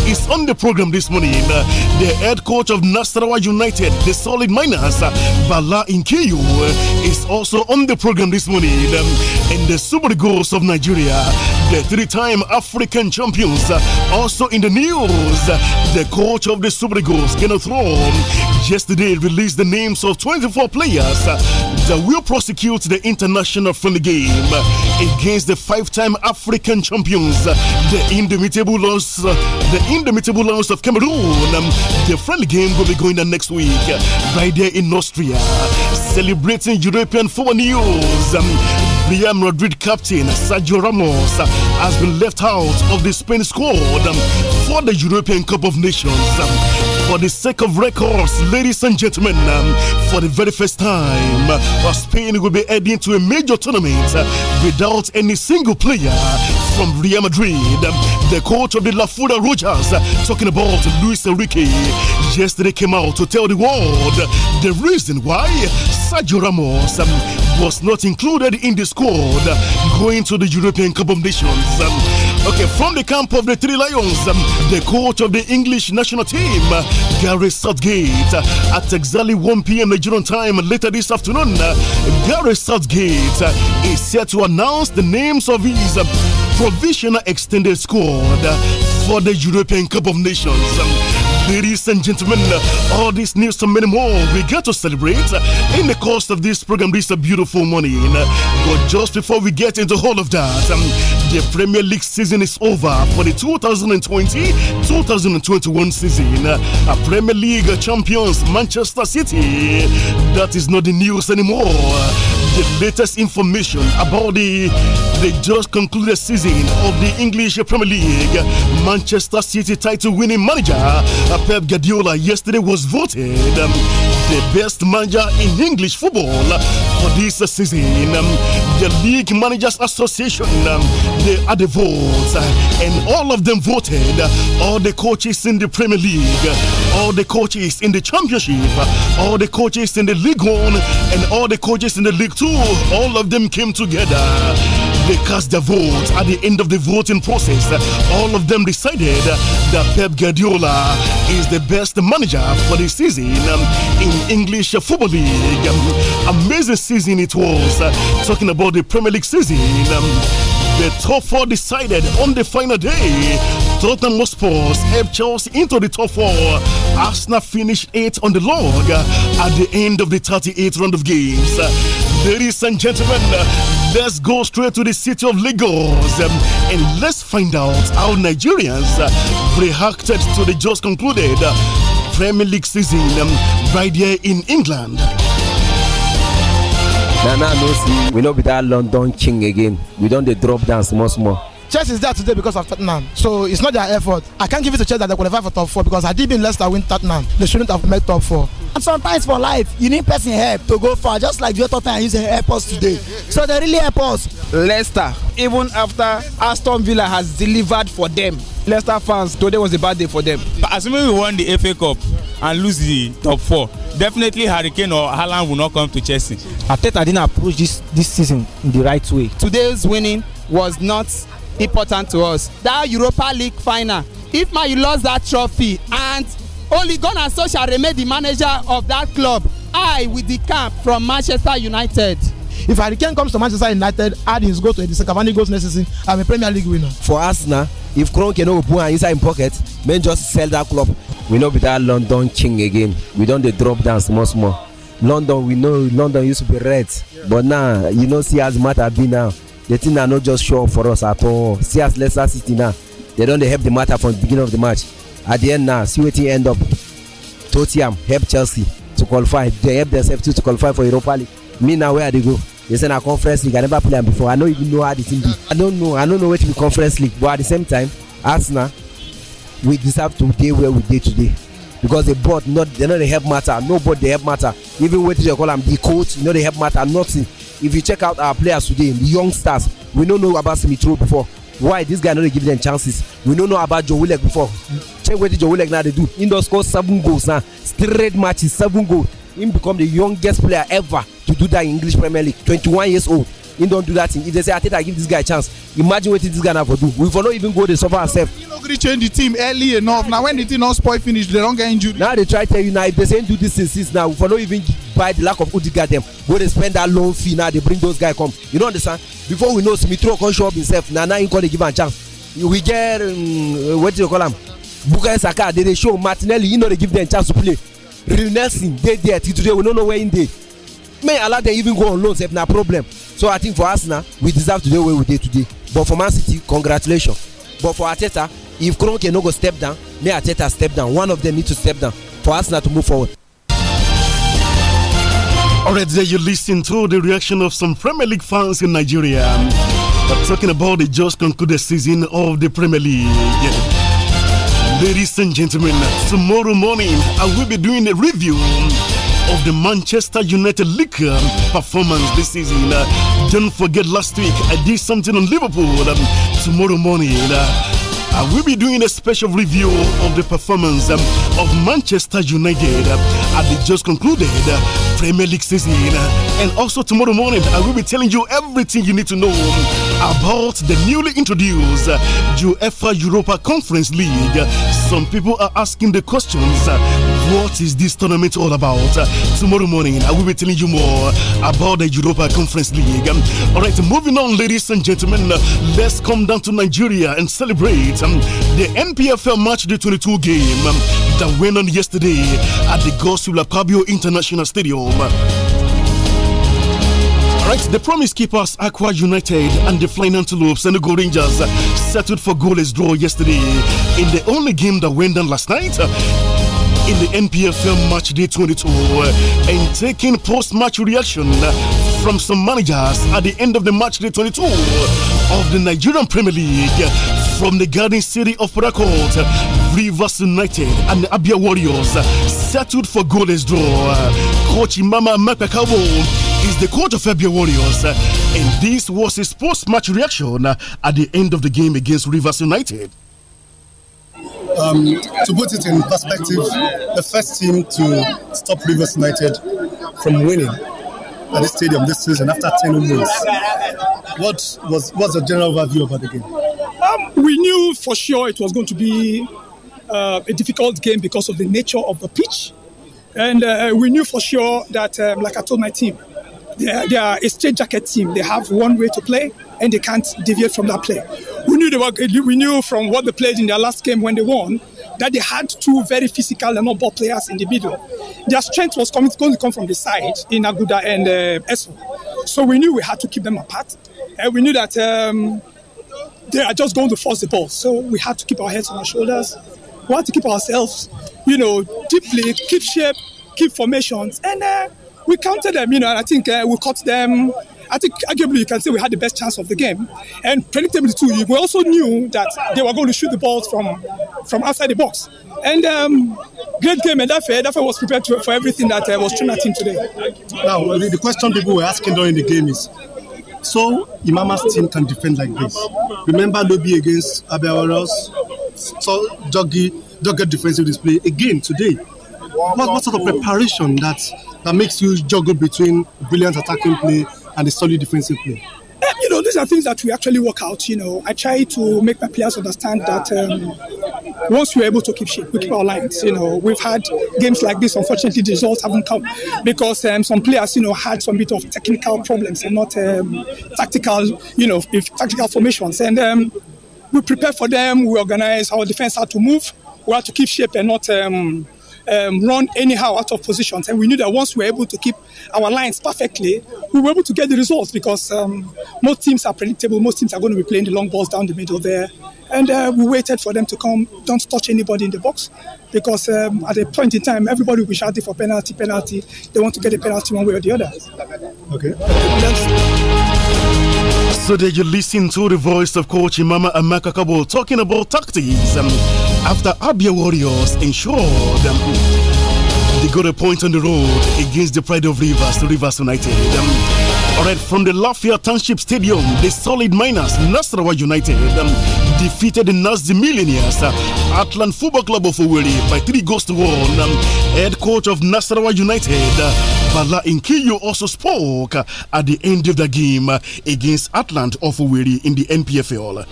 is on the program this morning. Uh, the head coach of Nasarawa United, the solid miners, uh, Bala Inkeyu, uh, is also on the program this morning. Um, and the Super Goals of Nigeria, the three time African champions, also in the news. The coach of the Super Goals, Kenneth Rome, yesterday released the names of 24 players uh, that will prosecute the international friendly game uh, against the five-time African champions, uh, the indomitable loss, the indomitable loss of Cameroon. Um, the friendly game will be going on next week, right there in Austria, celebrating European football news. Um, Real Madrid captain Sergio Ramos has been left out of the Spain squad um, for the European Cup of Nations for the sake of records, ladies and gentlemen, um, for the very first time, uh, Spain will be heading to a major tournament uh, without any single player from Real Madrid. Um, the coach of the La Fura Rogers, uh, talking about Luis Enrique, yesterday came out to tell the world the reason why Sergio Ramos um, was not included in the squad uh, going to the European Cup of Nations um, Okay, from the camp of the Three Lions, um, the coach of the English national team, uh, Gary Southgate, uh, at exactly 1 p.m. Nigerian time later this afternoon, uh, Gary Southgate is set to announce the names of his um, provisional extended squad for the European Cup of Nations. Um, Ladies and gentlemen, all this news and many more we get to celebrate in the course of this program this beautiful morning. But just before we get into all of that, um, the Premier League season is over for the 2020-2021 season. A Premier League champions Manchester City. That is not the news anymore the latest information about the the just concluded season of the English Premier League. Manchester City title winning manager uh, Pep Guardiola yesterday was voted. Um, the best manager in English football for this season. Um, the League Managers Association, um, they had the votes, uh, and all of them voted all the coaches in the Premier League, all the coaches in the Championship, all the coaches in the League One, and all the coaches in the League Two. All of them came together they cast their vote at the end of the voting process. All of them decided that Pep Guardiola is the best manager for the season um, in English Football League. Um, amazing season it was. Uh, talking about the Premier League season. Um, the top four decided on the final day. Tottenham Hotspur helped Chelsea into the top four. Arsenal finished eighth on the log uh, at the end of the 38th round of games. Uh, Ladies and gentlemen, let's go straight to the city of Lagos um, and let's find out how Nigerians uh, reacted to the just concluded uh, Premier League season um, right here in England. Nana no see, we no be that London king again. We don't drop dance much more. Chelsea is there today because of Tottenham. So it's not their effort. I can't give it to Chelsea that they qualify for top four because I did been Leicester win Tottenham, they shouldn't have made top four. And sometimes for life, you need person help to go far, just like the Tottenham using help us today. So they really help us. Leicester, even after Aston Villa has delivered for them, Leicester fans, today was a bad day for them. But assuming we won the FA Cup and lose the top four, definitely Hurricane or Haaland will not come to Chelsea. I think I didn't approach this, this season in the right way. Today's winning was not important to us that europa league final if man lost that trophy and only gunnar solskjaer remain the manager of that club i with the cap from manchester united. if harry kane comes to manchester united add his goal to edison cavani goals next season i'm a premier league winner. for arsenal if kronke no go put hand inside im pocket make just sell dat club we no be dat london king again we don dey drop down small small london we know london used to be red yeah. but now you know see as matter be now the thing na no just show up for us at all see as leicester city now they don dey help the matter from the beginning of the match at the end now see wetin end up tottenham help chelsea to qualify they help themselves too to qualify for europa league me now where i dey go they say na conference league i never play am before i no even know how the thing be i don't know i don't know wetin be conference league but at the same time arsenal we deserve to dey where we dey today because the board not they no dey help matter nobody dey help matter even wetin dem call am the coach no dey help matter nothing if you check out our players today the young stars we no know about simitro before why this guy no dey give them chances we no know about joe willek before check wetin joe willek now dey do he don score seven goals now straight matches seven goals He become the youngest player ever to do that in english premier league twenty-one years old he don do that thing if they say ateta give this guy chance imagine wetin this guy na for do we for no even go dey suffer ourselves. He no gree change the team early enough na when the thing don spoil finish they don get injury. now they try tell you now if they say do this thing since now we for no even buy the lack of udiga dem go dey spend that loan fee now dey bring those guys come you no understand before we know smithrow come show up himself na now him come dey give am chance we get um, wetin you call am bukayo saka dey dey show martinelli he no dey give dem chance to play real nelson dey there till today we no know where him dey may allow them even go on loans sef na problem so i think for arsenal we deserve to dey where we dey today but for man city congratulations but for Ateta, if kronke no go step down may Ateta step down one of them need to step down for arsenal to move forward. All right, there you listen to the reaction of some Premier League fans in Nigeria. But talking about the just concluded season of the Premier League. Ladies and gentlemen, tomorrow morning I will be doing a review of the Manchester United League um, performance this season. Uh, don't forget last week I did something on Liverpool. Um, tomorrow morning. Uh, I will be doing a special review of the performance um, of Manchester United uh, um, at the just concluded uh, Premier League season. Uh, and also tomorrow morning, I will be telling you everything you need to know um, about the newly introduced uh, UEFA Europa Conference League. Some people are asking the questions what is this tournament all about? Tomorrow morning, I will be telling you more about the Europa Conference League. All right, moving on, ladies and gentlemen, let's come down to Nigeria and celebrate um, the NPFL Match Day 22 game um, that went on yesterday at the Gosula Pabio International Stadium. Right, the promise keepers Aqua United and the Flying Antelopes and the Go Rangers settled for goalless draw yesterday in the only game that went down last night in the NPFL match day 22 and taking post match reaction from some managers at the end of the match day 22 of the Nigerian Premier League from the Garden City of Port Harcourt. Rivers United and Abia Warriors settled for goalless draw. Coach Imama Mapakabo is the coach of Abia Warriors, and this was his post-match reaction at the end of the game against Rivers United. Um, to put it in perspective, the first team to stop Rivers United from winning at the stadium this season after 10 wins. What was what's the general overview about the game? Um, we knew for sure it was going to be uh, a difficult game because of the nature of the pitch. And uh, we knew for sure that, um, like I told my team, they're, a straight jacket team. They have one way to play, and they can't deviate from that play. We knew they were, we knew from what they played in their last game when they won that they had two very physical and ball players in the middle. Their strength was coming, going to come from the side in Aguda and uh, Esso. So we knew we had to keep them apart, and we knew that um, they are just going to force the ball. So we had to keep our heads on our shoulders. We had to keep ourselves, you know, deeply, keep shape, keep formations, and. Uh, we counted them, you know, and I think uh, we caught them. I think arguably you can say we had the best chance of the game. And predictably too, we also knew that they were going to shoot the balls from from outside the box. And um, great game, and that's fair, that fair was prepared to, for everything that uh, was thrown at him today. Now, the question people were asking during the game is, so Imama's team can defend like this. Remember Lobby against Abiyawaros, so Doggy, Doggy defensive display again today. What, what sort of preparation that that makes you juggle between brilliant attacking play and a solid defensive play? Um, you know, these are things that we actually work out. You know, I try to make my players understand that um, once we're able to keep shape, we keep our lines. You know, we've had games like this. Unfortunately, the results haven't come because um, some players, you know, had some bit of technical problems and not um, tactical, you know, if tactical formations. And um, we prepare for them. We organize our defense how to move. We have to keep shape and not um, um, run anyhow out of positions. And we knew that once we were able to keep our lines perfectly, we were able to get the results because um, most teams are predictable. Most teams are going to be playing the long balls down the middle there. And uh, we waited for them to come. Don't touch anybody in the box because um, at a point in time, everybody will be shouting for penalty, penalty. They want to get a penalty one way or the other. Okay. So did you listen to the voice of coach Imama Amaka Kabo talking about tactics um, after Abia Warriors ensured um, they got a point on the road against the Pride of Rivers, Rivers United. Um, all right, from the Lafayette Township Stadium, the solid miners, Nasrawa United. Um, defeated the Nazi Millionaires Atlant Football Club of Owerri by three goals to one. Um, head coach of Nasarawa United, uh, Bala Inkiyo, also spoke uh, at the end of the game against Atlant of Owerri in the NPFL.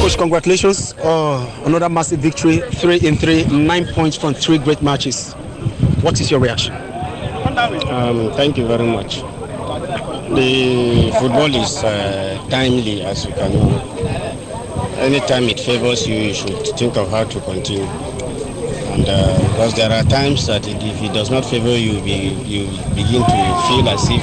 Coach, congratulations. Uh, another massive victory. Three in three, nine points from three great matches. What is your reaction? Um, thank you very much. The football is uh, timely, as you can know anytime it favors you, you should think of how to continue. And uh, because there are times that it, if it does not favor you, be, you begin to feel as if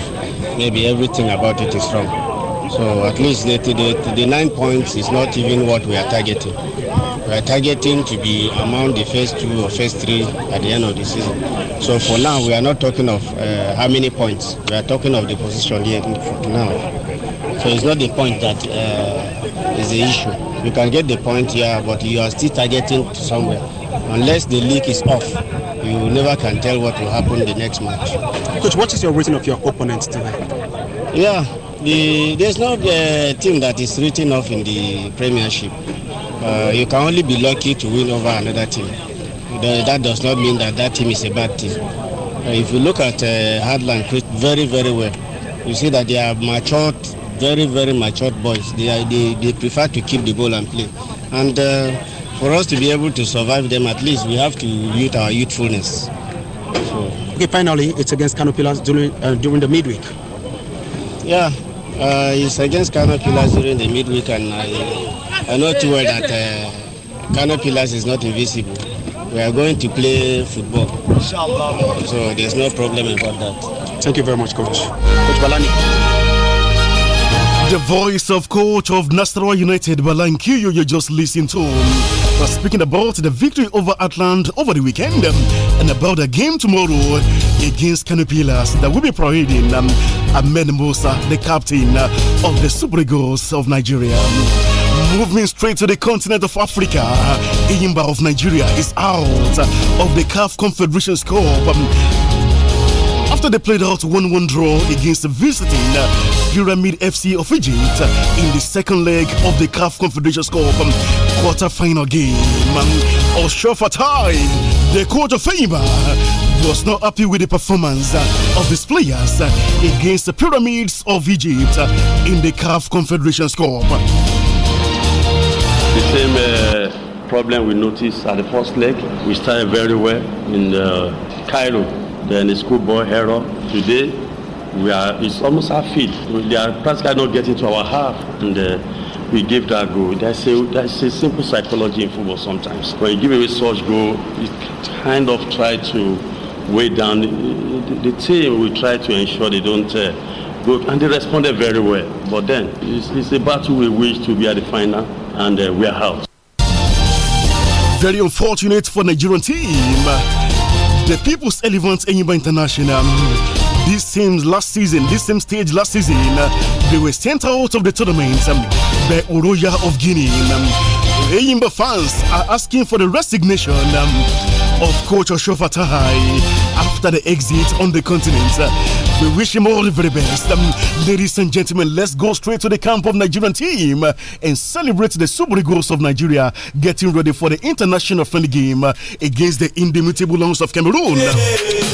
maybe everything about it is wrong. So at least the, the, the nine points is not even what we are targeting. We are targeting to be among the first two or first three at the end of the season. So for now, we are not talking of uh, how many points. We are talking of the position here now. So it's not the point that uh, is the issue. You can get the point here, but you are still targeting somewhere. Unless the leak is off, you never can tell what will happen the next match. Coach, what is your rating of your opponent today? Yeah, the, there's no uh, team that is written off in the Premiership. Uh, you can only be lucky to win over another team. The, that does not mean that that team is a bad team. Uh, if you look at uh, very, very well, you see that they have matured very, very matured boys. They, are, they, they prefer to keep the ball and play. And uh, for us to be able to survive them, at least we have to use our youthfulness. So. Okay, finally, it's against Kano during, uh, during the midweek. Yeah, uh, it's against Kano during the midweek, and I, I know too well that uh, is not invisible. We are going to play football. So there's no problem about that. Thank you very much, Coach. Coach Balani. The voice of coach of Nasarawa United, Balankiyo, you just listening to. we speaking about the victory over Atlant over the weekend and about the game tomorrow against Canopilas that will be parading um, Ahmed Musa, the captain uh, of the Super Eagles of Nigeria. Moving straight to the continent of Africa, Iyimba of Nigeria is out of the CAF Confederations Cup. Um, after they played out 1 1 draw against the visiting uh, Pyramid FC of Egypt in the second leg of the CAF Confederations Cup um, quarter-final game. Um, Osho Fatai, the coach of FIBA was not happy with the performance uh, of his players uh, against the Pyramids of Egypt uh, in the CAF Confederations Cup. The same uh, problem we noticed at the first leg. We started very well in uh, Cairo, then the schoolboy hero Today, we are, it's almost half field. They are practically not getting to our half. And uh, we give that goal. That's a, that's a simple psychology in football sometimes. When you give away such goal, you kind of try to weigh down the, the team. We try to ensure they don't uh, go. And they responded very well. But then, it's, it's a battle we wish to be at the final, and uh, we are out. Very unfortunate for Nigerian team. The People's Elephant Enyimba International these teams last season, this same stage last season, uh, they were sent out of the tournament um, by Oroya of Guinea. Um, fans are asking for the resignation um, of coach Oshofa Tahai after the exit on the continent. Uh, we wish him all the very best. Um, ladies and gentlemen, let's go straight to the camp of Nigerian team uh, and celebrate the Super Eagles of Nigeria getting ready for the international friendly game uh, against the indomitable Lions of Cameroon. Yeah.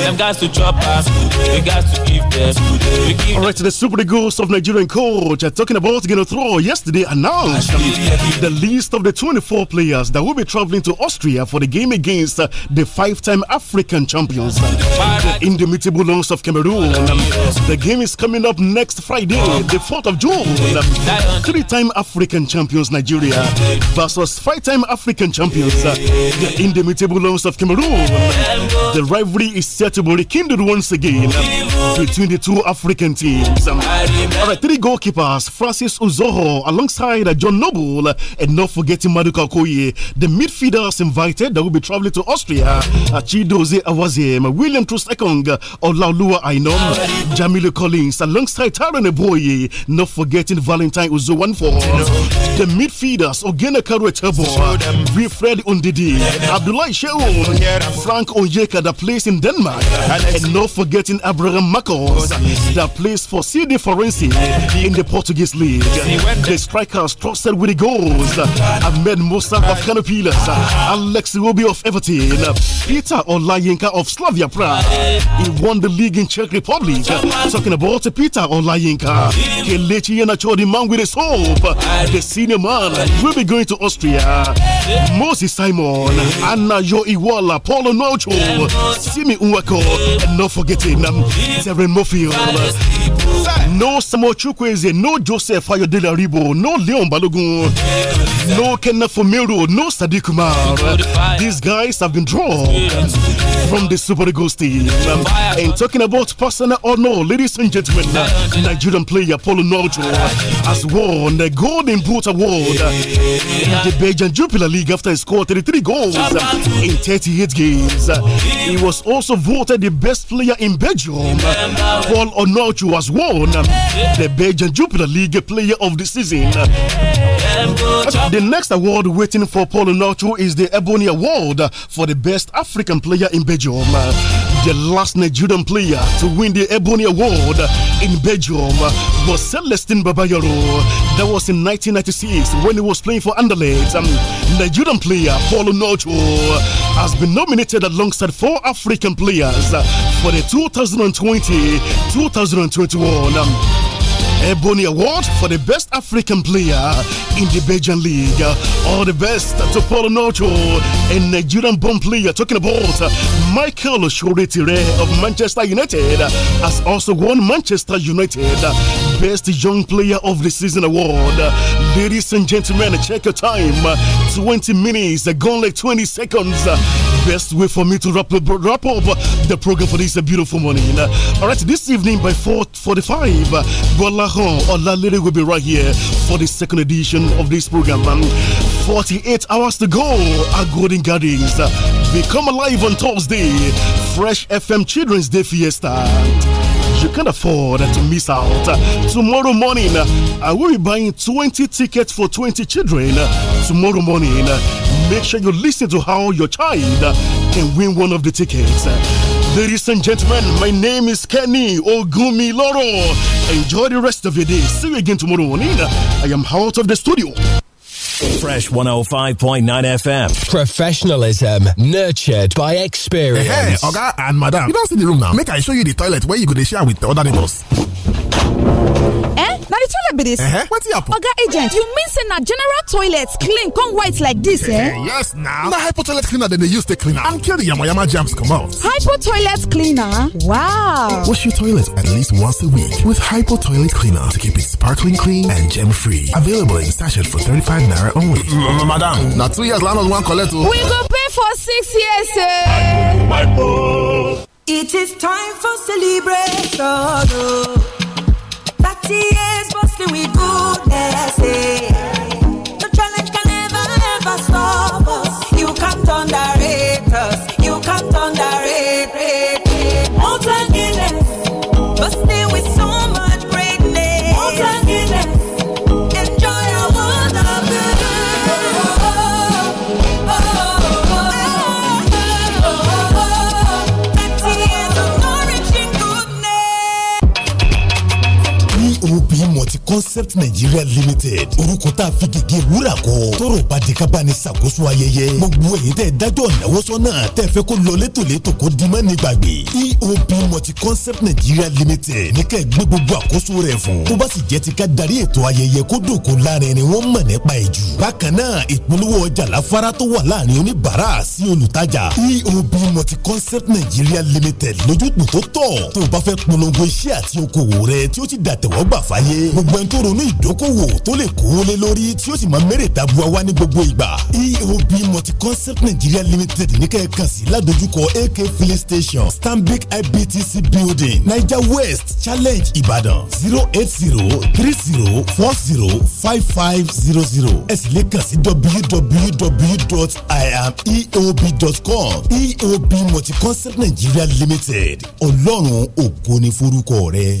Them guys to us, we to give them. We give All right, the Super Goals of Nigerian coach are talking about Geno Throw yesterday announced the list of the 24 players that will be traveling to Austria for the game against the five-time African champions, the indomitable Lions of Cameroon. The game is coming up next Friday, the 4th of June. Three-time African champions Nigeria versus five-time African champions, the indomitable Lions of Cameroon. The rivalry is set to be rekindled once again between the two African teams. All right, three goalkeepers, Francis Uzoho alongside John Noble, and not forgetting Maduka Okoye. The midfielders invited that will be traveling to Austria, Chidoze Awazim, William Trusekong, Olaoluwa Ainom, Jamilu Collins, alongside Taron Eboye, not forgetting Valentine Uzo one for the midfielders, Ogena Karuetebo, Wilfred Undidi, Abdullah Shehu, Frank Onyeka that plays in Denmark. Isaac, and not forgetting Abraham Marcos that plays for CD Forense in the Portuguese league. The strikers trusted with the goals Ahmed Musa of Canopilas, Alex Iwobi of Everton, Peter Olayinka of Slavia Prague. He won the league in Czech Republic. Talking about Peter Olayinka, Kelechi Yenachodi man with his hope. The senior man will be going to Austria. Moses Simon, Anna Yo Iwala, Paulo Nocho, Simi Un i and not forgetting um, Terry Murphy. Um, no Samuel Chukwueze, no Joseph Ayodele Ribo, no Leon Balogun, no Kenneth Fomero, no Sadiq Kumar. These guys have been drawn from the Super Eagles team. And talking about personal or no, ladies and gentlemen, Nigerian player Paulo Nojo has won the Golden Boot Award in the Belgian Jupiler League after he scored 33 goals in 38 games. He was also voted the best player in Belgium. Paul Onocho has won won the Belgian Jupiler League Player of the Season. The next award waiting for Paul Nocho is the Ebony Award for the best African player in Belgium. The last Nigerian player to win the Ebony Award in Belgium was Celestin Babayaro. That was in 1996 when he was playing for Anderlecht. Um, Nigerian player Paul Nocho has been nominated alongside four African players for the 2020 2021. Um, Ebony Award for the best African player in the Belgian League. All the best to Paulo Nocho, a Nigerian born player. Talking about Michael Shoretire of Manchester United, has also won Manchester United Best Young Player of the Season Award. Ladies and gentlemen, check your time 20 minutes, gone like 20 seconds best way for me to wrap, wrap, up the program for this beautiful morning. All right, this evening by 4:45, Bola Aho Olalere will be right here for the second edition of this program. 48 hours to go at Golden Gardens. Become alive on Thursday. Fresh FM Children's Day Fiesta you can't afford to miss out. Tomorrow morning, I will be buying 20 tickets for 20 children. Tomorrow morning, make sure you listen to how your child can win one of the tickets. Ladies and gentlemen, my name is Kenny Ogumi Loro. Enjoy the rest of your day. See you again tomorrow morning. I am out of the studio. Fresh 105.9 FM. Professionalism nurtured by experience. Hey, hey Oga and Madam, you don't see the room now. Make I show you the toilet where you could share with the other neighbors eh now the toilet be uh-huh. What's your wetin happen. oga agent you mean say na general toilet clean come white like this, eh? eh yes na na hypo toilet cleaner than they use to clean am and kill the yamayama come out. hypo toilet cleaner wow wash your toilet at least once a week with hypo toilet cleaner to keep it sparkling clean and gem free available in sachet for 35 naira only madam now two years landlord wan collect oh. we go pay for six years eh it is time for celebration. Oh. 40 years bustling with goodness. Eh? concept nigeria limited orúkọ tá a fi gègé wúrà kọ tọrọ bá di ká bá ní ṣàkóso ayẹyẹ gbogbo èyí tẹ dájọ ìnáwó sọ́nà tẹ fẹ́ kó lọ létòlétò kó di ní gbàgbé eob multi concept nigeria limited ní kẹ́ gbé gbogbo àkóso rẹ̀ fún tó bá sì jẹ́ ti ká darí ètò ayẹyẹ kó dòkó láàrin ni wọ́n mọ̀ nípa ẹ̀ jù bákan náà ìpolówó ọjà láfárá tó wà láàrin oníbàárà sí olùtajà eob multi concept nigeria limited lójútùú tó tọ́ tó o bá fẹ́ polongo iṣẹ́ àti okòwò rẹ tí ó ti dàtẹ̀wọ́gbà fáyé gbogbo ẹni tó ronú ìdókòwò tó lè kó lé lórí tí ó sì máa mẹ́rẹ̀ dábúwa wá ní gbogbo ìgbà eob multi-concept nigeria limited ní sí ládojúkọ ak filling station stanbic ibtc building naija west challenge ìbàdàn zero eight zero three zero four zero five five zero zero ẹ sì lè kàn sí www.iameob.com eob multi-concept nigeria limited ọlọ́run ògo ni forúkọ rẹ.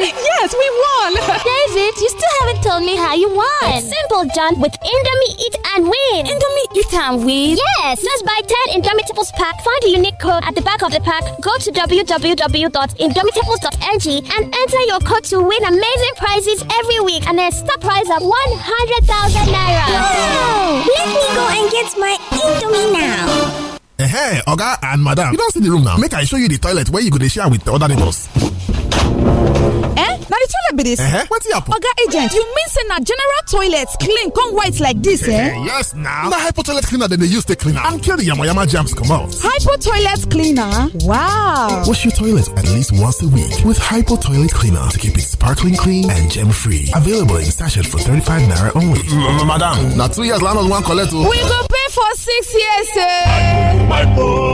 won! Yes, we won! David, you still haven't told me how you won. It's simple, John. With Indomie Eat and Win. Indomie Eat and Win? Yes! Just buy 10 Indomie Tipples pack, find the unique code at the back of the pack, go to www.indomitables.ng and enter your code to win amazing prizes every week and a stock prize of 100,000 Naira. Wow! Let me go and get my Indomie now. Hey, Oga and Madam, you don't see the room now. Make I show you the toilet where you could share with the other neighbors eh now the toilet be dis eh uh-huh. what oga agent you mean say na general toilet clean come white like this? eh, eh? yes na na hypo toilet cleaner than they use to clean am and kill the yamayama come out. hypo toilet cleaner wow wash your toilet at least once a week with hypo toilet cleaner to keep it sparkling clean and gem free available in sachet for 35 naira only madam now two years landlord wan collect o we go pay for six years eh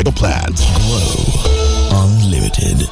mega plans. Glow Unlimited.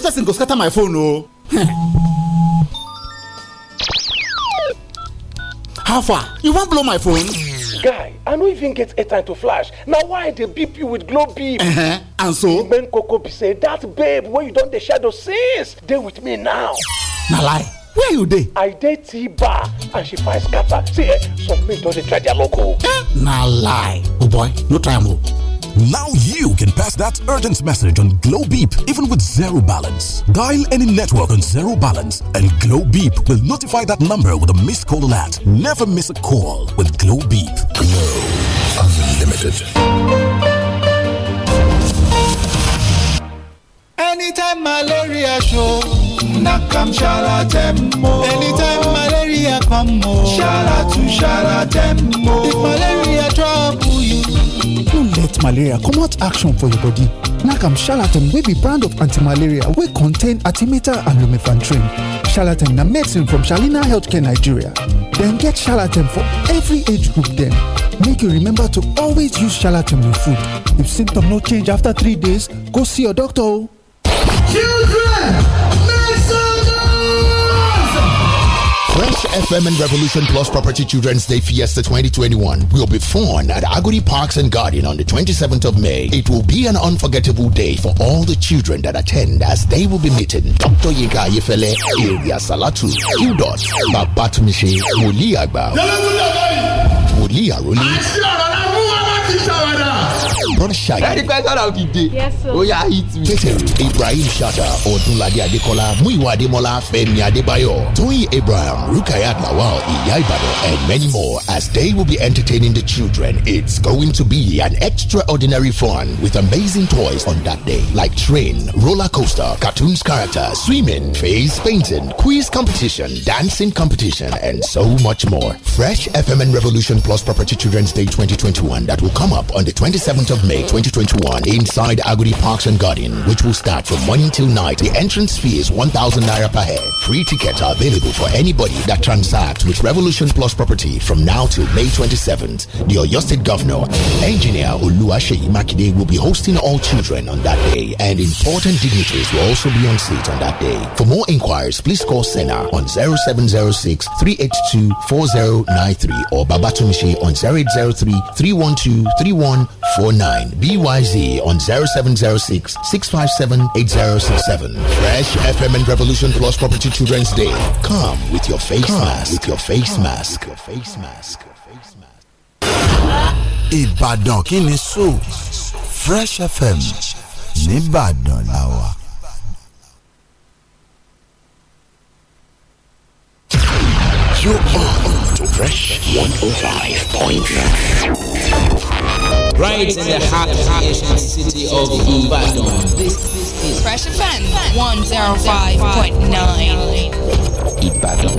This person go scatter my phone o. Oh. how far you wan blow my phone. guy i no even get airtime to flash na why i dey beep you with glow beep. Uh -huh. and so. the main koko be say dat babe wey you don dey shadow since dey with me now. na lie where you dey. i dey tea bar and she find scatter see eh some men don dey try their local. Oh. Eh? na lie o oh boy no try am o. Oh. Now you can pass that urgent message on Glow Beep even with zero balance. Dial any network on zero balance and Glow Beep will notify that number with a missed call alert. Never miss a call with Glow Beep. Glow Unlimited. Anytime malaria show, nakam shala shalatemmo. Anytime malaria come, oh, shala to shalatemmo. If malaria trouble. no let malaria Come out action for your body nakam charlatan wey be brand of anti-malaria wey contain artimata and lumefantrine charlatan na medicine from shalina healthcare nigeria Then get charlatan for every age group Then make you remember to always use charlatan with food if symptoms no change after three days go see your doctor o children FM and Revolution Plus Property Children's Day Fiesta 2021 will be fun at Aguri Parks and Garden on the 27th of May. It will be an unforgettable day for all the children that attend as they will be meeting Dr. Yinka Yefele, Ilya Salatu, Udot, Babatumishi, Wòlíì Àgbà, don ṣayé. ẹni question of the day. yes sir. oya hit me. tètèrè ibrahim shata ọdúnladé adékọlá muiwa adémọlá fẹ́mi adébáyọ̀ tóyìn abraham rukayat lawal ìyá ìbàdàn and many more as they will be entertaining the children it's going to be an extraordinary fun with amazing toys on that day like train roller coaster cartoons character swimming face painting quiz competition dancing competition and so much more fresh FMN revolution plus property children's day 2021 that will come up on the 27th of May 2021 inside Agudi Parks and Garden, which will start from morning till night. The entrance fee is 1,000 naira per head. Free tickets are available for anybody that transacts with Revolution Plus property from now till May 27th. The Oyo State Governor, Engineer Oluwaseyi Makinde, will be hosting all children on that day, and important dignitaries will also be on seat on that day. For more inquiries, please call Sena on 0706 382 4093 or Babatunde on 0803 312 3149. BYZ on 0706 657 8067. Fresh FM and Revolution Plus Property Children's Day. Come with your face Come mask. With your face Come mask. With your face mask. Ìbàdàn kí ni so Fresh FM nìbàdàn làwà. You are on to Fresh 105.9 right in the heart of the Asian city of Ibadan. This is Fresh Offense 105.9 Ibadan. bá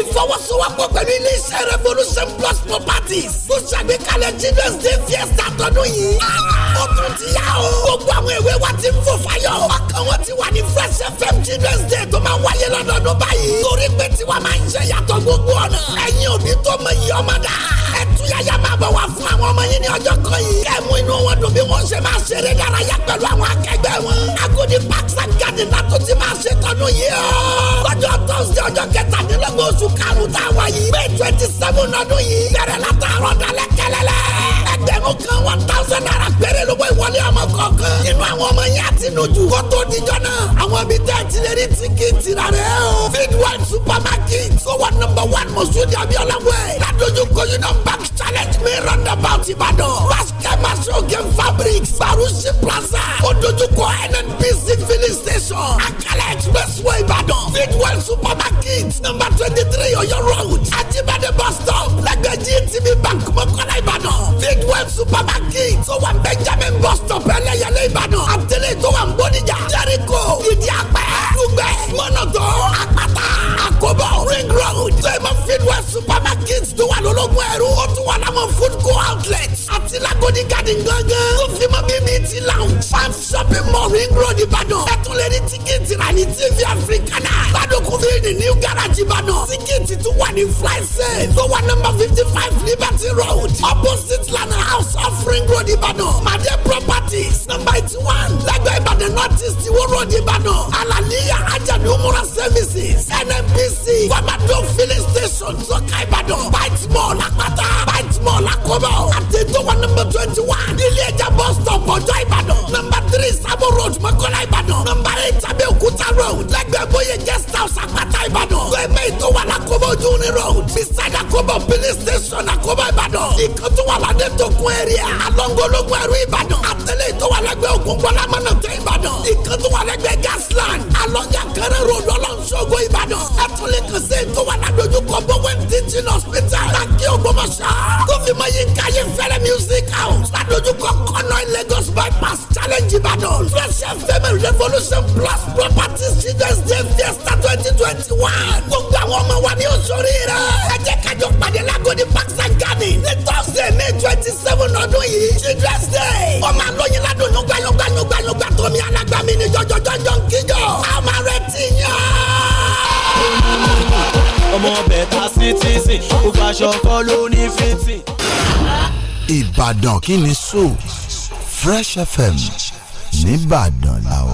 ìfọwọ́sowọ́pọ̀ pẹ̀lú iléeṣẹ́ revolution plus properties tó ṣàgbékalẹ̀ children's day fiesta tọdún yìí. ó tún ti yá o. gbogbo àwọn ìwé wa ti ń fò fáyọ̀. ọkàn wọn ti wà ní fresh fm children's day tó máa wáyé lọ́dọọdún báyìí. torí pé tiwa máa ń ṣe yàtọ̀ gbogbo ọ̀nà. ẹ̀yin òbí tó mọ iye ọmọ dáa. ẹ ìdúyàyà máa bọ̀ wá fún àwọn ọmọ yín ní ọjọ́ kan yìí. kẹ́mú inú wọn dùn bí wọ́n ṣe máa ṣeré dárayá pẹ̀lú àwọn akẹgbẹ́ wọn. Agodi parks and garden látó ti máa ṣe tọdún yìí ọ́. lọ́jọ́ tọ́sí ọjọ́ kẹtàdínlógún oṣù karùn-ún tá a wá yìí. May twenty seven ọdún yìí. bẹ̀rẹ̀ látàárọ̀ dalẹ́ kẹlẹ́lẹ́. ẹgbẹ̀rún kan one thousand naira péré lówó ìwọlé ọmọ kọ̀ọ̀kan. inú àwọn ọmọ yẹn àti nojú. kó tó dijọ́ náà àwọn ibi tẹ́ ẹ ti lè rí tíkìtì rà rẹ̀ o. feed one supermarket. owó number one mọ̀sùn dàbí ọ̀làwẹ̀. ládojúkọ yìí náà bá challenge me roundabout Ìbàdàn Masque Maso Game Fabric Barusi Plaza Odojukọ NNPC filling station Akala Expressway Ìbàdàn Fitwell Supermarket number twenty three Ọ̀yọ́ road Ajibade bus stop lẹ́gbẹ̀ẹ́ GTB Bank Mọ́kọ́lá Ìbàdàn Fitwell Supermarket tó wà Benjamin bus stop Ẹlẹ́yẹlé Ìbàdàn àtẹlẹ́ tó wà ń Bódìjà Jericho Ìdí Apẹ́ Dùgbẹ́ Mọ́nọ̀tọ́ Àpáta Àkóbọ̀ Ring road tó yẹ mọ́ Fitwell Supermarket tó wà lọ́lọ́gbọ̀n ẹ̀rú ó wà láwọn food co outlet àti Lágòdì garden gangan tó fi mọ́ bíbí ti lounge five shopping mall ring road Ìbàdàn ẹ tún lè ní tíkẹ́ẹ̀tì rà ní TV Africa náà gbàdúkú fi ní new garage Ìbàdàn tíkẹ́ẹ̀tì tún wà ní fly sale tó wà nọ́mbà fifty five Liberty road opposite lana house off ring road Ìbàdàn Màdé properties nọ́mbà eighty one lẹ́gbẹ̀ẹ́ Ìbàdàn north east Ìwó road Ìbàdàn Alaniya Ajani Umura services NNPC Kwamado filling station Sọ́ka Ìbàdàn Bites mall Àpáta. adébóyè guest house àpáta ìbàdàn tó ẹgbẹ́ ètò wà lákòbó ojú ní road beside àkóbọ̀ police station àkóbọ̀ ìbàdàn ìkan tó wà ládé tó kún area alongologun ẹrú ìbàdàn àtẹlẹ ètò wà lẹ́gbẹ̀ẹ́ ògùn bọ́lámọ́nà tẹ ìbàdàn ìkan tó wà lẹ́gbẹ̀ẹ́ gasland alọ́jà kẹrẹ road ọlọ́nṣogo ìbàdàn ẹtùlẹ̀ kan sí ètò wà ládojú kọ bowen teaching hospital lákì ògbómọ̀ṣá tó fi mọ yín káyé fẹ́rẹ́ music house ládojú kọ kọ́nà lagos bypass challenge ìbàdàn fresh fm revolution plus properties Wednesday Fiesta twenty twenty one. Gbogbo àwọn ọmọ wa ni òṣèré rẹ̀. Ẹ jẹ́ kájọ pàdé lágodi Parks and Garden ní Thursday May twenty seven ọdún yìí. Children's Day. Ọmọ àlọ́yìn ládùn nígbàlógbàlógbàlógbà tó mi alágbá mi ni jọjọjọjọ ń kíjọ. A máa retí yàn. Ọmọ bẹ̀ta citizen, ó gbaṣọ kọ́ ló ní fìtì. Ìbàdàn kí ni so Fresh FM nìbàdàn làwọn.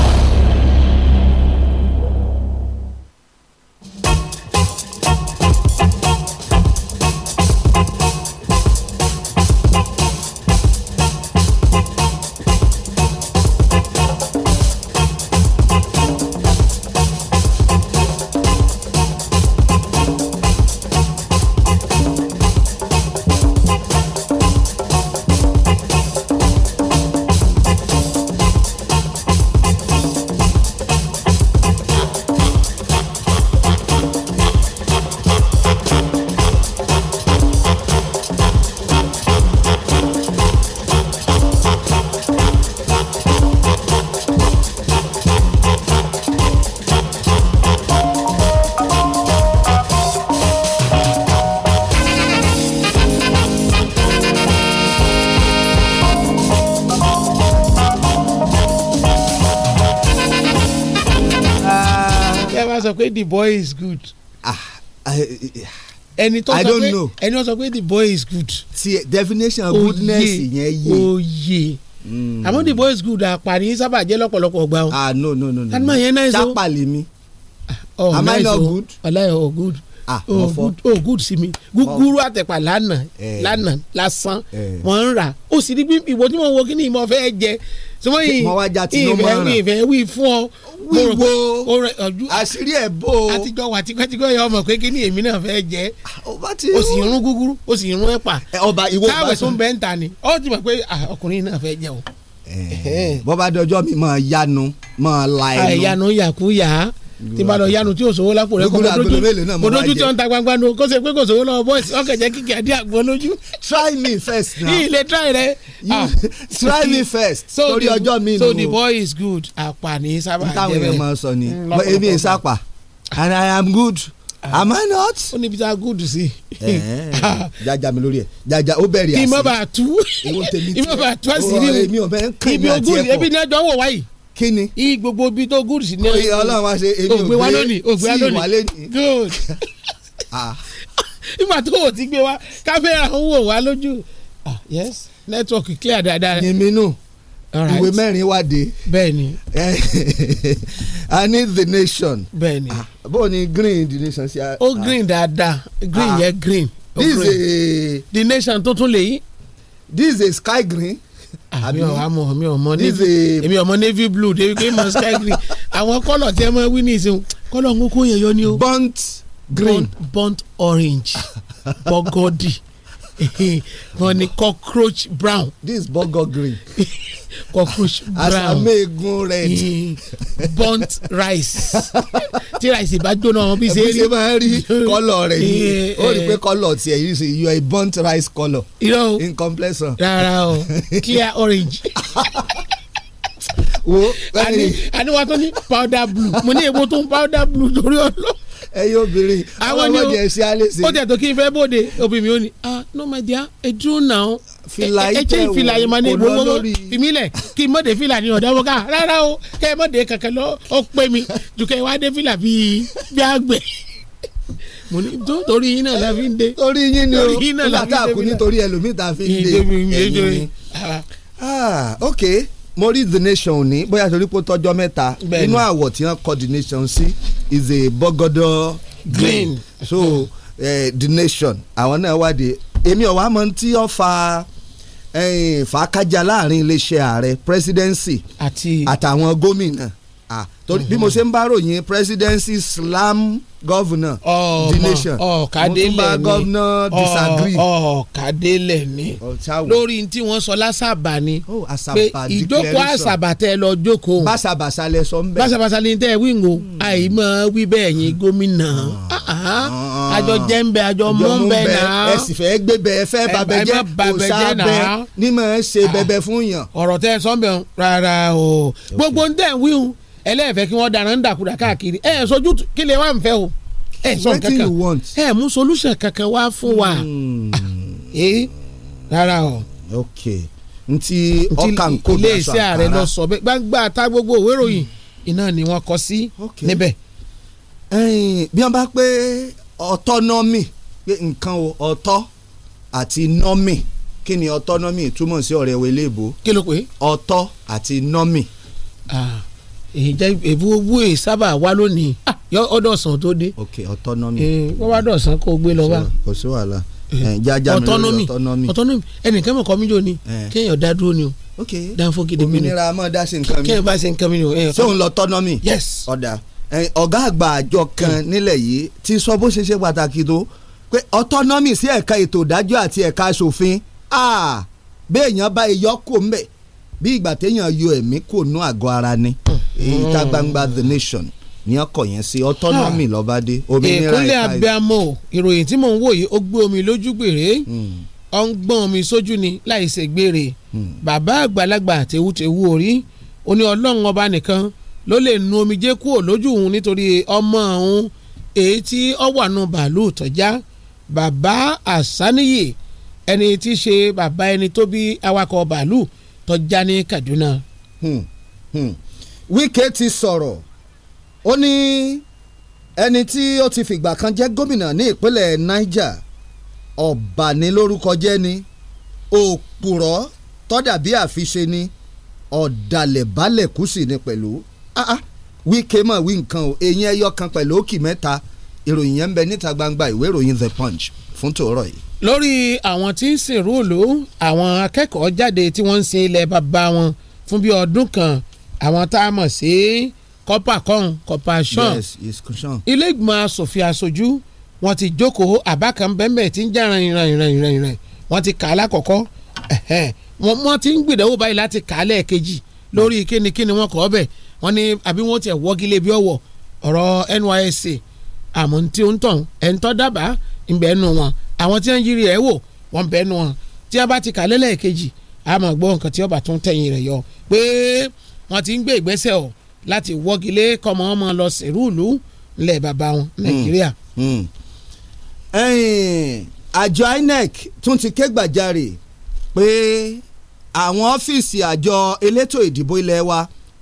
pé the boy is good. Ah, ẹni tó sọ pé ẹni tó sọ pé the boy is good. ti definition of goodness yẹn yé. oye hmm. àmọ́ the boy is good àpàní sábà jẹ́ lọ́pọ̀lọpọ̀ gbà o. ah no no no no. tanimọ̀ yẹn náà so. mi. Ah, oh am nice I not good. alayi oh good. ah oh good oh good sí mi gúgúrú àtẹ̀pà lánàá eh. lánàá lásán eh. wọ́n ń rà ó sì rí bí ìwọ tí mo wo kí ni ìmọ̀ fẹ́ jẹ sọ́wọ́n mọ wá já tinú mọ́ràn ìfẹ́ ìfẹ́ wí fún ọ. wíwo àṣírí ẹ̀ bò ó. àtijọ́ wà tipẹ́tipẹ́ yọ ọmọ pé kí ni èmi náà fẹ́ jẹ́ o sì rún gúgúrú o sì rún ẹ̀pà káwé tó ń bẹ́ ń ta ni ó ti mọ̀ pé ọkùnrin náà fẹ́ jẹ́ o. bọ́ bá dọjọ́ mi máa yanu máa la ẹnu. àìyanu yàkúyà tí bá lọ yanu tí òṣòwò lápò rẹ kò mọ dojú tí wọn ta gbangba nu kó ṣe pé kò ṣòwò lọ́wọ́ bọ́ọ̀sì ọkẹ jẹ́ kíkì àdí àgbọn lójú. try me first now yìí lè try rẹ. Ah. try me first torí ọjọ́ mi nù. so the boy is good àpà sábà jẹ́ bẹ́ẹ̀. táwọn máa sọ ni mm, èmi ń sápà and I am good ah. am I not. ó níbi tá a good sí. Eh, ah. jaja mi lórí ẹ jaja ó bẹ̀rẹ̀ àṣírí. kí mọ̀ bá tú kí mọ̀ tú àṣírí o ibi ogún ẹbí náà jọ wọ̀ wáyìí kí ni. i gbogbo bi tó good sí ní. oye Ọlọ́run wa ṣe èmi ò gbé wa lónìí ò good. ìgbà ah. tó o ti gbé wa kámẹ́rà ń wò wá lójú. Ah, yes network clear dáadáa. yèmí nù ìwé mẹ́rin wá dé. bẹ́ẹ̀ni. a ní the nation. bẹ́ẹ̀ni. Ah, bó ni green the nation ṣe. ó green dáadáa green yẹ green. this is a. the nation tó tún lè yí. this is a sky green. Ah, àbí àmọ́ mi ò mọ navy èmi ò mọ navy blue débi pé mo sky green àwọn kọ́lọ̀ tí ẹ mọ wí ní ìsìn ń kó yẹ̀yọ́ ni o. burnt green burnt orange burgundy wọn ni cockroach brown. this burger green. cockroach brown asameegun red. burnt rice tí rice bá jóná ọmọ bí ṣe rí. bí ṣe máa rí kọ́lọ̀ rẹ̀ yìí eh, ó rí eh. pé kọ́lọ̀ tiẹ̀ yìí ṣe you are a burnt rice colour. irọ́ o in complexion. rárá o clear orange. wo. àní àní wa tó ní powder blue mo ní èpo tó ń powder blue torí ọlọ́run ẹyin obìnrin àwọn ọmọ jẹ ẹsẹ alẹ ṣe. ó tẹ̀ tó kí n fẹ́ bóde obìnrin mi ò ní ah no my dear ẹ dúró náà fìlà yìí tẹ̀ wò kò lọ lórí. ìmílẹ̀ kí mọ̀dé fìlà ni ọ̀dọ́ wọ́n ká rárá o kẹ́ ẹ mọ̀dé kankan lọ ó pé mi jù kẹ́ ẹ wá dé fìlà bíi bí àgbẹ̀ mo ní torí yín náà la fi ń dé. torí yín ni o látàkùn nítorí ẹlòmíì ta fi ń dé. Ah. Ah, ok mo rí the nation ní bóyá torí pé tọjọ́ mẹ́ta inú àwọ̀ tí wọ́n kọ the nation sí is a bọ́gọ́dọ́ green so uh, the nation àwọn náà wádìí èmi ọ̀wá mọ̀ tí ó fa eh, fàákájà láàrin iléeṣẹ́ ààrẹ presidency àti àtàwọn gómìnà torí bí mo ṣe ń bá ròyìn presidency slam governor the nation mo tún governor disagree. ọ̀ọ́kadélẹ̀ ni lórí tí wọ́n sọ lásàbà ni pé ìjókòó àṣàbà tẹ lọ jókòó. bàṣàbàṣà lẹ sọ ń bẹ. bàṣàbàṣà ni tẹ wí ń o hmm. àìmọ̀ wí bẹ́ẹ̀ yín hmm. gómìnà hmm. àjọ jẹ́ ń bẹ àjọ mọ́ ń bẹ náà. ẹ sì fẹ́ gbé bẹ ẹ fẹ́ babẹ jẹ́ kò sá bẹ ní mọ̀ ẹ́ ṣe ah. bẹbẹ fún yàn. ọ̀rọ̀ tẹ sọ́nbẹ̀ rárá o gbogbo ń tẹ̀ wí o ẹlẹ́ẹ̀fẹ́ kí wọ́n dáná ń dàkúdà káàkiri ẹ̀ ẹ̀ sojú kí lè wá ń fẹ́ o ẹ̀ sọ kankan ẹ̀ mú solution kankan wá fún wa ẹ̀ hmm. eh? rárá o. ok nti ọkà ń kó ilé iṣẹ́ ààrẹ lọ sọ gbangba ta gbogbo òwe ròyìn hmm. iná ni wọ́n kọ sí níbẹ̀. bí wọ́n bá pé autonomy pé nǹkan ọ̀tọ̀ àti nọ́mì kí ni autonomy túmọ̀ sí ọ̀rẹ́ wo eléèbó. kí ló pé. ọ̀tọ̀ àti nọ́mì ìjẹ́ èbú owó è sábà wá lónìí ah, yọ ọdọ̀sán tó dé. ok autonomy. Eh, wọ́n wá dọ̀sán kó o gbé lọ wá. kò sí wàhálà eh, jaja mi lórí autonomy. autonomy ẹnìkan mọ̀ kọ́ jò ní eh. kéèyàn dá dúró ni o. ok dáńfó gidi mi ni òmìnira mọ̀ dá sí nǹkan mi. kéèyàn bá ṣe nǹkan mi ni o. sóun lọ autonomy. yes ọ̀dà ọ̀gá àgbà àjọ kan hmm. nílẹ̀ yìí ti sọ bó ṣe ṣe pàtàkì tó pé autonomy sí ẹ̀ka ètò ìdájọ́ àti ẹ̀ka aṣòfin ah, bẹ́ẹ̀ yẹn bá iyọ́ kò ń bí ìgbà téèyàn yọ ẹ̀mí kò nú àgọ́ ara ni ìta hmm. gbangba the nation ní ọkọ̀ yẹn sí autonomy ah. lọ́ba dé òmìnira ìka ìkúnlẹ̀ abiyamọ ìròyìn tí mò ń wò yìí ó gbé omi lójú gbèrè hmm. ó ń gbọ́n omi sójú ni láì ṣègbèrè hmm. bàbá àgbàlagbà tewútewú orí ó ní ọlọ́run ọba nìkan ló lè nu omijé kúrò lójú òun nítorí ọmọ òun èyí tí ó wà nù bàálù tọ́já bàbá àsáníyè ẹni tí ṣe bàbá ẹni tó bí awakọ̀ bàálù tọ́já ní Kaduna. Hmm, hmm. Wike ti sọ̀rọ̀ ó ní ẹni tí ó ti fìgbà kan jẹ́ gómìnà ní ìpínlẹ̀ Niger ọ̀bànilórúkọjẹ́ ni òpùrọ̀ tọ́dàbí àfiṣe ni ọ̀dàlẹ̀ balẹ̀ kùsì ni pẹ̀lú ah, ah. Wike mọ̀ wí nǹkan o èyí ẹyọ kan pẹ̀lú òkì mẹ́ta ìròyìn yẹn ń bẹ níta gbangba ìwé ìròyìn The Punch fún tòórọ̀ yìí. lórí àwọn tí ń sìnrú òlò àwọn akẹ́kọ̀ọ́ jáde tí wọ́n ń sin ilẹ̀ bàbá wọn fún bí ọdún kan àwọn tá a mọ̀ sí kọ́pà kan kọ́pà sàn ilé ìgbìmọ̀ asòfin aṣojú wọ́n ti jókòó àbá kan bẹ́ẹ̀ tí ń jà rìnrìnrìnrìnrìn wọ́n ti kà á lákọ̀ọ́kọ́ wọ́n ti ń gbìdánwò báyìí láti kà á lẹ́ẹ̀kejì lórí kíni kíni wọ́n kọ́ bẹ̀ wọ́n ní àbí wọ́n ti ẹ̀ wọ́gilé bí ọ̀wọ̀ ọ̀rọ̀ NYSC àmọ́ tí ó ń tàn ẹ̀ ń tọ́ dábàá ń bẹ́ẹ̀ nu wọn àwọn tí wọ́n ń yiri ẹ̀ wò wọ́n bẹ́ẹ̀ nu wọn tí wọ́n bá ti kà lẹ́lẹ̀ kejì a máa gbọ́ nǹkan tí ọba tún tẹ̀yìn rẹ̀ yọ pé wọ́n ti ń gbé ìgbésẹ̀ ọ̀ láti wọ́gilé kọ́mọ ọmọ lọ sẹ̀rú ìlú ńlẹ̀ bàbá wọn hmm. nàìjíríà. Hmm. àjọ INEC tún ti ké gbàjarè pé àwọn ọ́fíìsì àjọ elétò ìdìbò ilé wa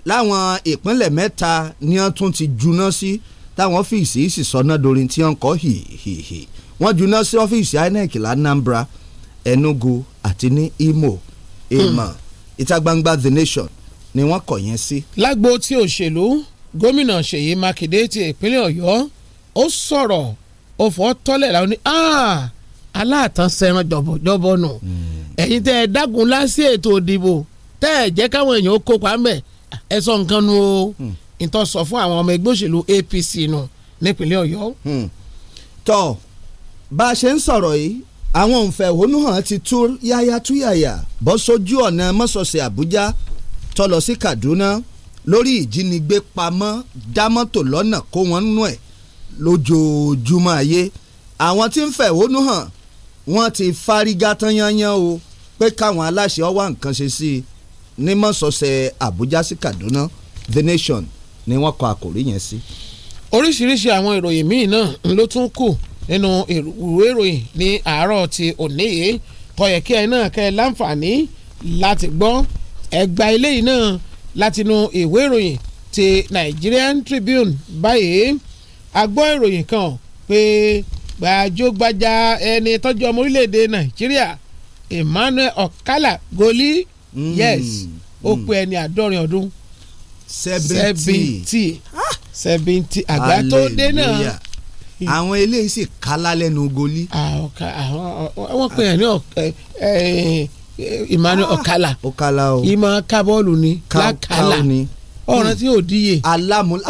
láwọn ìpínlẹ̀ mẹ́ta ni wọ́n tún ti juná sí. Si táwọn ọ́fíìsì sì sọná dorin tí wọ́n kọ́ hìhìhì wọ́n juná sí ọ́fíìsì INEC lánàmbra Enugu àti ní Imo èèmọ̀ hmm. ìta gbangba The Nation ni wọ́n kọ̀ yẹn sí. lágbo tí òṣèlú gómìnà Ṣèyí Mákindé ti ìpínlẹ̀ Ọ̀yọ́ ó sọ̀rọ̀ ó tọ́lẹ̀ làwọn ní aláàtàn sẹ́ran jọ̀bọ̀jọ̀bọ̀ nù hmm. ẹ̀yin tẹ́ ẹ dágun lásì ètò ìdìbò tẹ́ ẹ jẹ́ káwọn èèyàn ó kópa mẹ́ ẹ sọ nǹkan nu o. Hmm ìtọ́ sọ fún àwọn ọmọ ẹgbẹ́ òṣèlú APC nù nípínlẹ̀ Ọ̀yọ́. Hmm. tọ́ bá a ṣe ń sọ̀rọ̀ yìí àwọn òǹfẹ̀hónúhàn ti tú yáyá tú yàyà bọ́ sójú ọ̀nà mọ́sọ̀ọ̀sẹ̀ Àbújá tó lọ sí Kaduna lórí ìjínigbé pamọ́ dámọ́tò lọ́nà kó wọn nú ẹ̀ lójoojúmọ́ ayé àwọn tí ń fẹ̀hónú hàn wọ́n ti fárígá tán yányán o pé káwọn aláṣẹ ọwọ́ nǹkan ṣe sí i ní mọ́sọ̀ọ̀sẹ̀ Àbújá sí Kaduna The Nation ni wọ́n kọ àkòrí yẹn sí. oríṣiríṣi àwọn ìròyìn míì náà ló tún kù nínú ìwé ìròyìn ní àárọ̀ ti òní yìí tọyẹ̀ kí ẹ náà kẹ́ ẹ láǹfààní láti gbọ́ ẹgbà eléyìí náà látinú ìwé ìròyìn ti Nigerian Tribune báyìí a gbọ́ ìròyìn kan pé gbajúgbajà ẹni tọ́jú ọmọ orílẹ̀-èdè Nàìjíríà Emmanuel Okala goli hmm. yes ó pe ẹni àádọ́rin ọdún seventy ah. seventy àgbà tó dé náà. àwọn eléyìí sì kálá lẹ́nu goli. wọ́n pè é ní Emmanuel ah, Okala Okala o ìmọ̀ kábọ́ọ̀lù ni lákàlà ọ̀ràn tí ò díye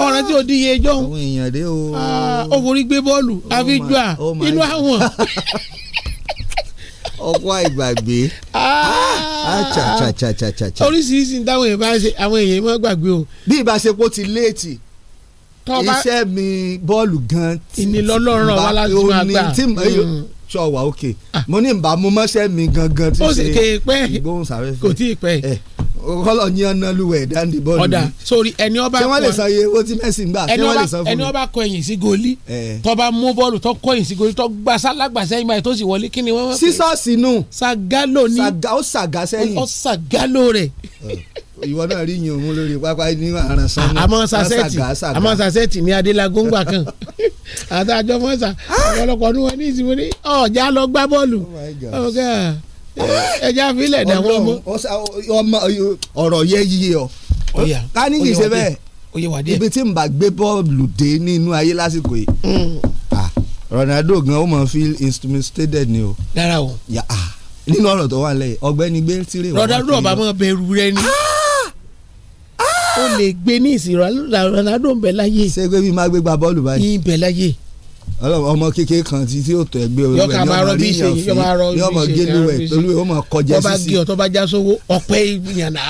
ọ̀ràn tí ò díye jọ́hún ah, ó forí gbé bọ́ọ̀lù àfi jù à inú àwọn. ọkọ àìgbàgbé ah! Ah, oríṣiríṣi táwọn èèyàn bá ń ṣe àwọn èèyàn máa gbàgbé o. bí ìbáṣepọ̀ ti léètì iṣẹ́ mi bọ́ọ̀lù gan. ìnilọ́lọ́rọ̀ wa láti máa gbà sọ hmm. wa ok ah. mo ní ìbámu mọ́ṣẹ́ mi gangan ti ṣe ìgbóhùnsáfẹ́fẹ́ kò tí ì pẹ́ eh kọlọ ní ọ̀nà luwẹ̀ dáńdì bọ́ọ̀lù ọ̀dà ẹni ọba kọ ṣé wọ́n ẹni ọba kọ ẹ̀yìn sí goli tó mú bọ́ọ̀lù tó kọ ẹ̀yìn sí goli tó gba sálágbà sẹ́yìn báyìí tó sì wọlé kí ni wọ́n. nù. sagalo ni ó sàgá ó sàgalo rẹ̀ ìwọ náà rí yín òun lórí pápá ní àràsán náà àmọ́ sasẹ́ẹ̀tì àmọ́ sasẹ́ẹ̀tì ní adélágún gbà kan àtàjọ mọ́sà ah! ọ̀pọ̀lọpọ̀ ní wọn ní ìsinmi ní lọ gbá bọ́ọ̀lù. Oh ẹja filẹ̀ dẹ̀ wọ́n mọ́. ọmọ yẹ yíyẹ ọ ká ṣe bẹ́ẹ̀ ibi tí n bá gbé bọ́ọ̀lù dé nínú ayé lásìkò yìí mm. Ronaldo gan ó mọ̀ feel instrumented ni o. dára o. nínú ọ̀rọ̀ tó wà lẹ́yìn ọgbẹ́ni gbé tirẹ̀ wọ́n. Ronaldo ọba mọ̀ bẹ̀rù rẹ ni ó lè gbé ní ìsìn Ronaldo ń bẹ láyé. ṣé gbé bí má gbé gba bọ́ọ̀lù báyìí. ń bẹ láyé ọmọ kékeré kan ti tí yóò tọ ẹgbẹ́ olúwẹ̀ yọkà máa rọ bí ṣe yọ máa rọ bí ṣe yọ máa gélúwẹ̀ olúwẹ̀ ó máa kọjá sísí. tọ́ba gé ọ tọ́ba já sówó ọ̀pẹ́ ìyànná.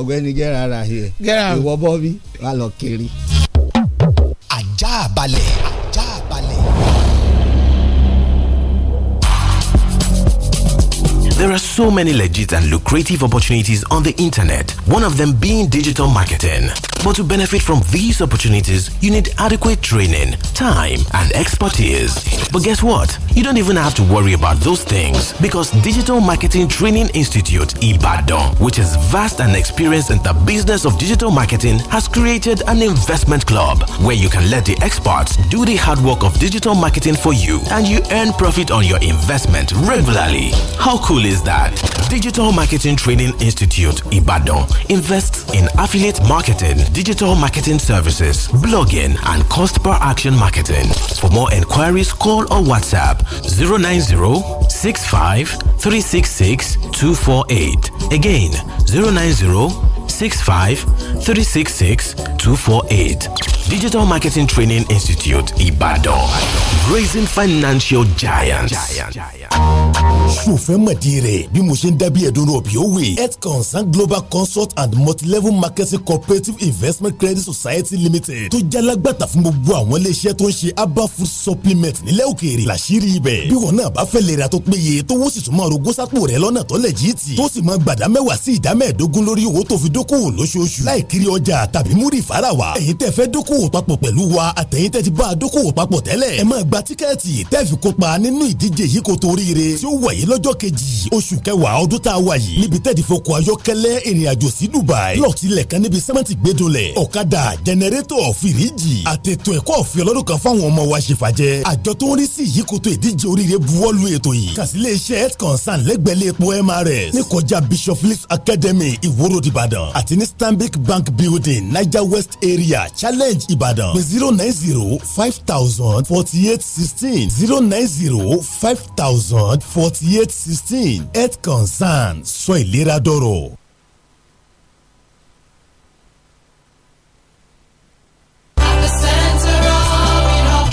ọ̀gbẹ́ni gẹ́ra ara yẹ ìwọ bọ́ wà lọ kiri. ajá balẹ̀. There are so many legit and lucrative opportunities on the internet, one of them being digital marketing. But to benefit from these opportunities, you need adequate training, time, and expertise. But guess what? You don't even have to worry about those things because Digital Marketing Training Institute Ibadan, which is vast and experienced in the business of digital marketing, has created an investment club where you can let the experts do the hard work of digital marketing for you and you earn profit on your investment regularly. How cool is that Digital Marketing Training Institute Ibadan invests in affiliate marketing, digital marketing services, blogging, and cost per action marketing. For more inquiries, call or WhatsApp 090 65 366 248. Again, 090 65 366 248. Digital Marketing Training Institute, Ibadan. Raising financial giants. giants. ṣòfẹ́ mọ̀dí rẹ̀ bí mo ṣe ń dábìí ẹ̀dùn òbí ó wè. health consult global consult and multilevel marketing cooperative investment credit society limited tó jalagbàtà fún gbogbo àwọn iléeṣẹ́ tó ń ṣe herbal food supplement nílẹ̀ òkèèrè làṣírí ibẹ̀. bí wọn náà bá fẹ́ lè ra tó péye tówó sì tún máa rogó sápò rẹ̀ lọ́nà tó lẹ̀ jí tì tó sì máa gbàdá mẹ́wàá sí ìdá mẹ́ẹ̀ẹ́dógún lórí owó tó fi dókòwò lóṣooṣù láì kiri ọjà tàbí múrì fara wa. ẹ̀yin tẹ́ fẹ́ dókòwò papọ̀ pẹ̀lú wa àtẹ̀yin tẹ́ ti bá a dókòwò papọ̀ tẹ́lẹ̀. ẹ máa gba tíkẹ́ẹ̀tì tẹ́ olóríire tí ó wáyé lọ́jọ́ kejì oṣù kẹwàá ọdún tá a wà yìí níbi tẹ́ẹ̀dì fọkọ̀ ayọ́kẹ́lẹ́ ìrìnàjò sí Dubai lọ́ọ̀tì níbi sẹ́mẹ́ntì gbẹdọ̀lẹ̀ ọ̀kadà jẹnẹrétọ̀ fìríjì àtẹ̀tọ̀ ẹ̀kọ́ ọ̀fìn ọlọ́dún kan fáwọn ọmọ wa ṣèfàjẹ́ àjọ tó ń rí sí ìyíkoto ìdíje oríire buwọ́lu ètò yìí kàsílẹ̀ iṣẹ́ health concern lẹ́gbẹ̀lẹ́ epo MRS ní kọjá Bishop Phillips Academy ìwòrò Ìbàdàn àti ní Stanbic Bank Building Niger West Area Challenge Ìbàdàn pé zero nine zero five thousand forty eight sixteen zero nine zero five thousand twenty forty-eight sixteen health concern sọ ìlera dọ̀rọ̀.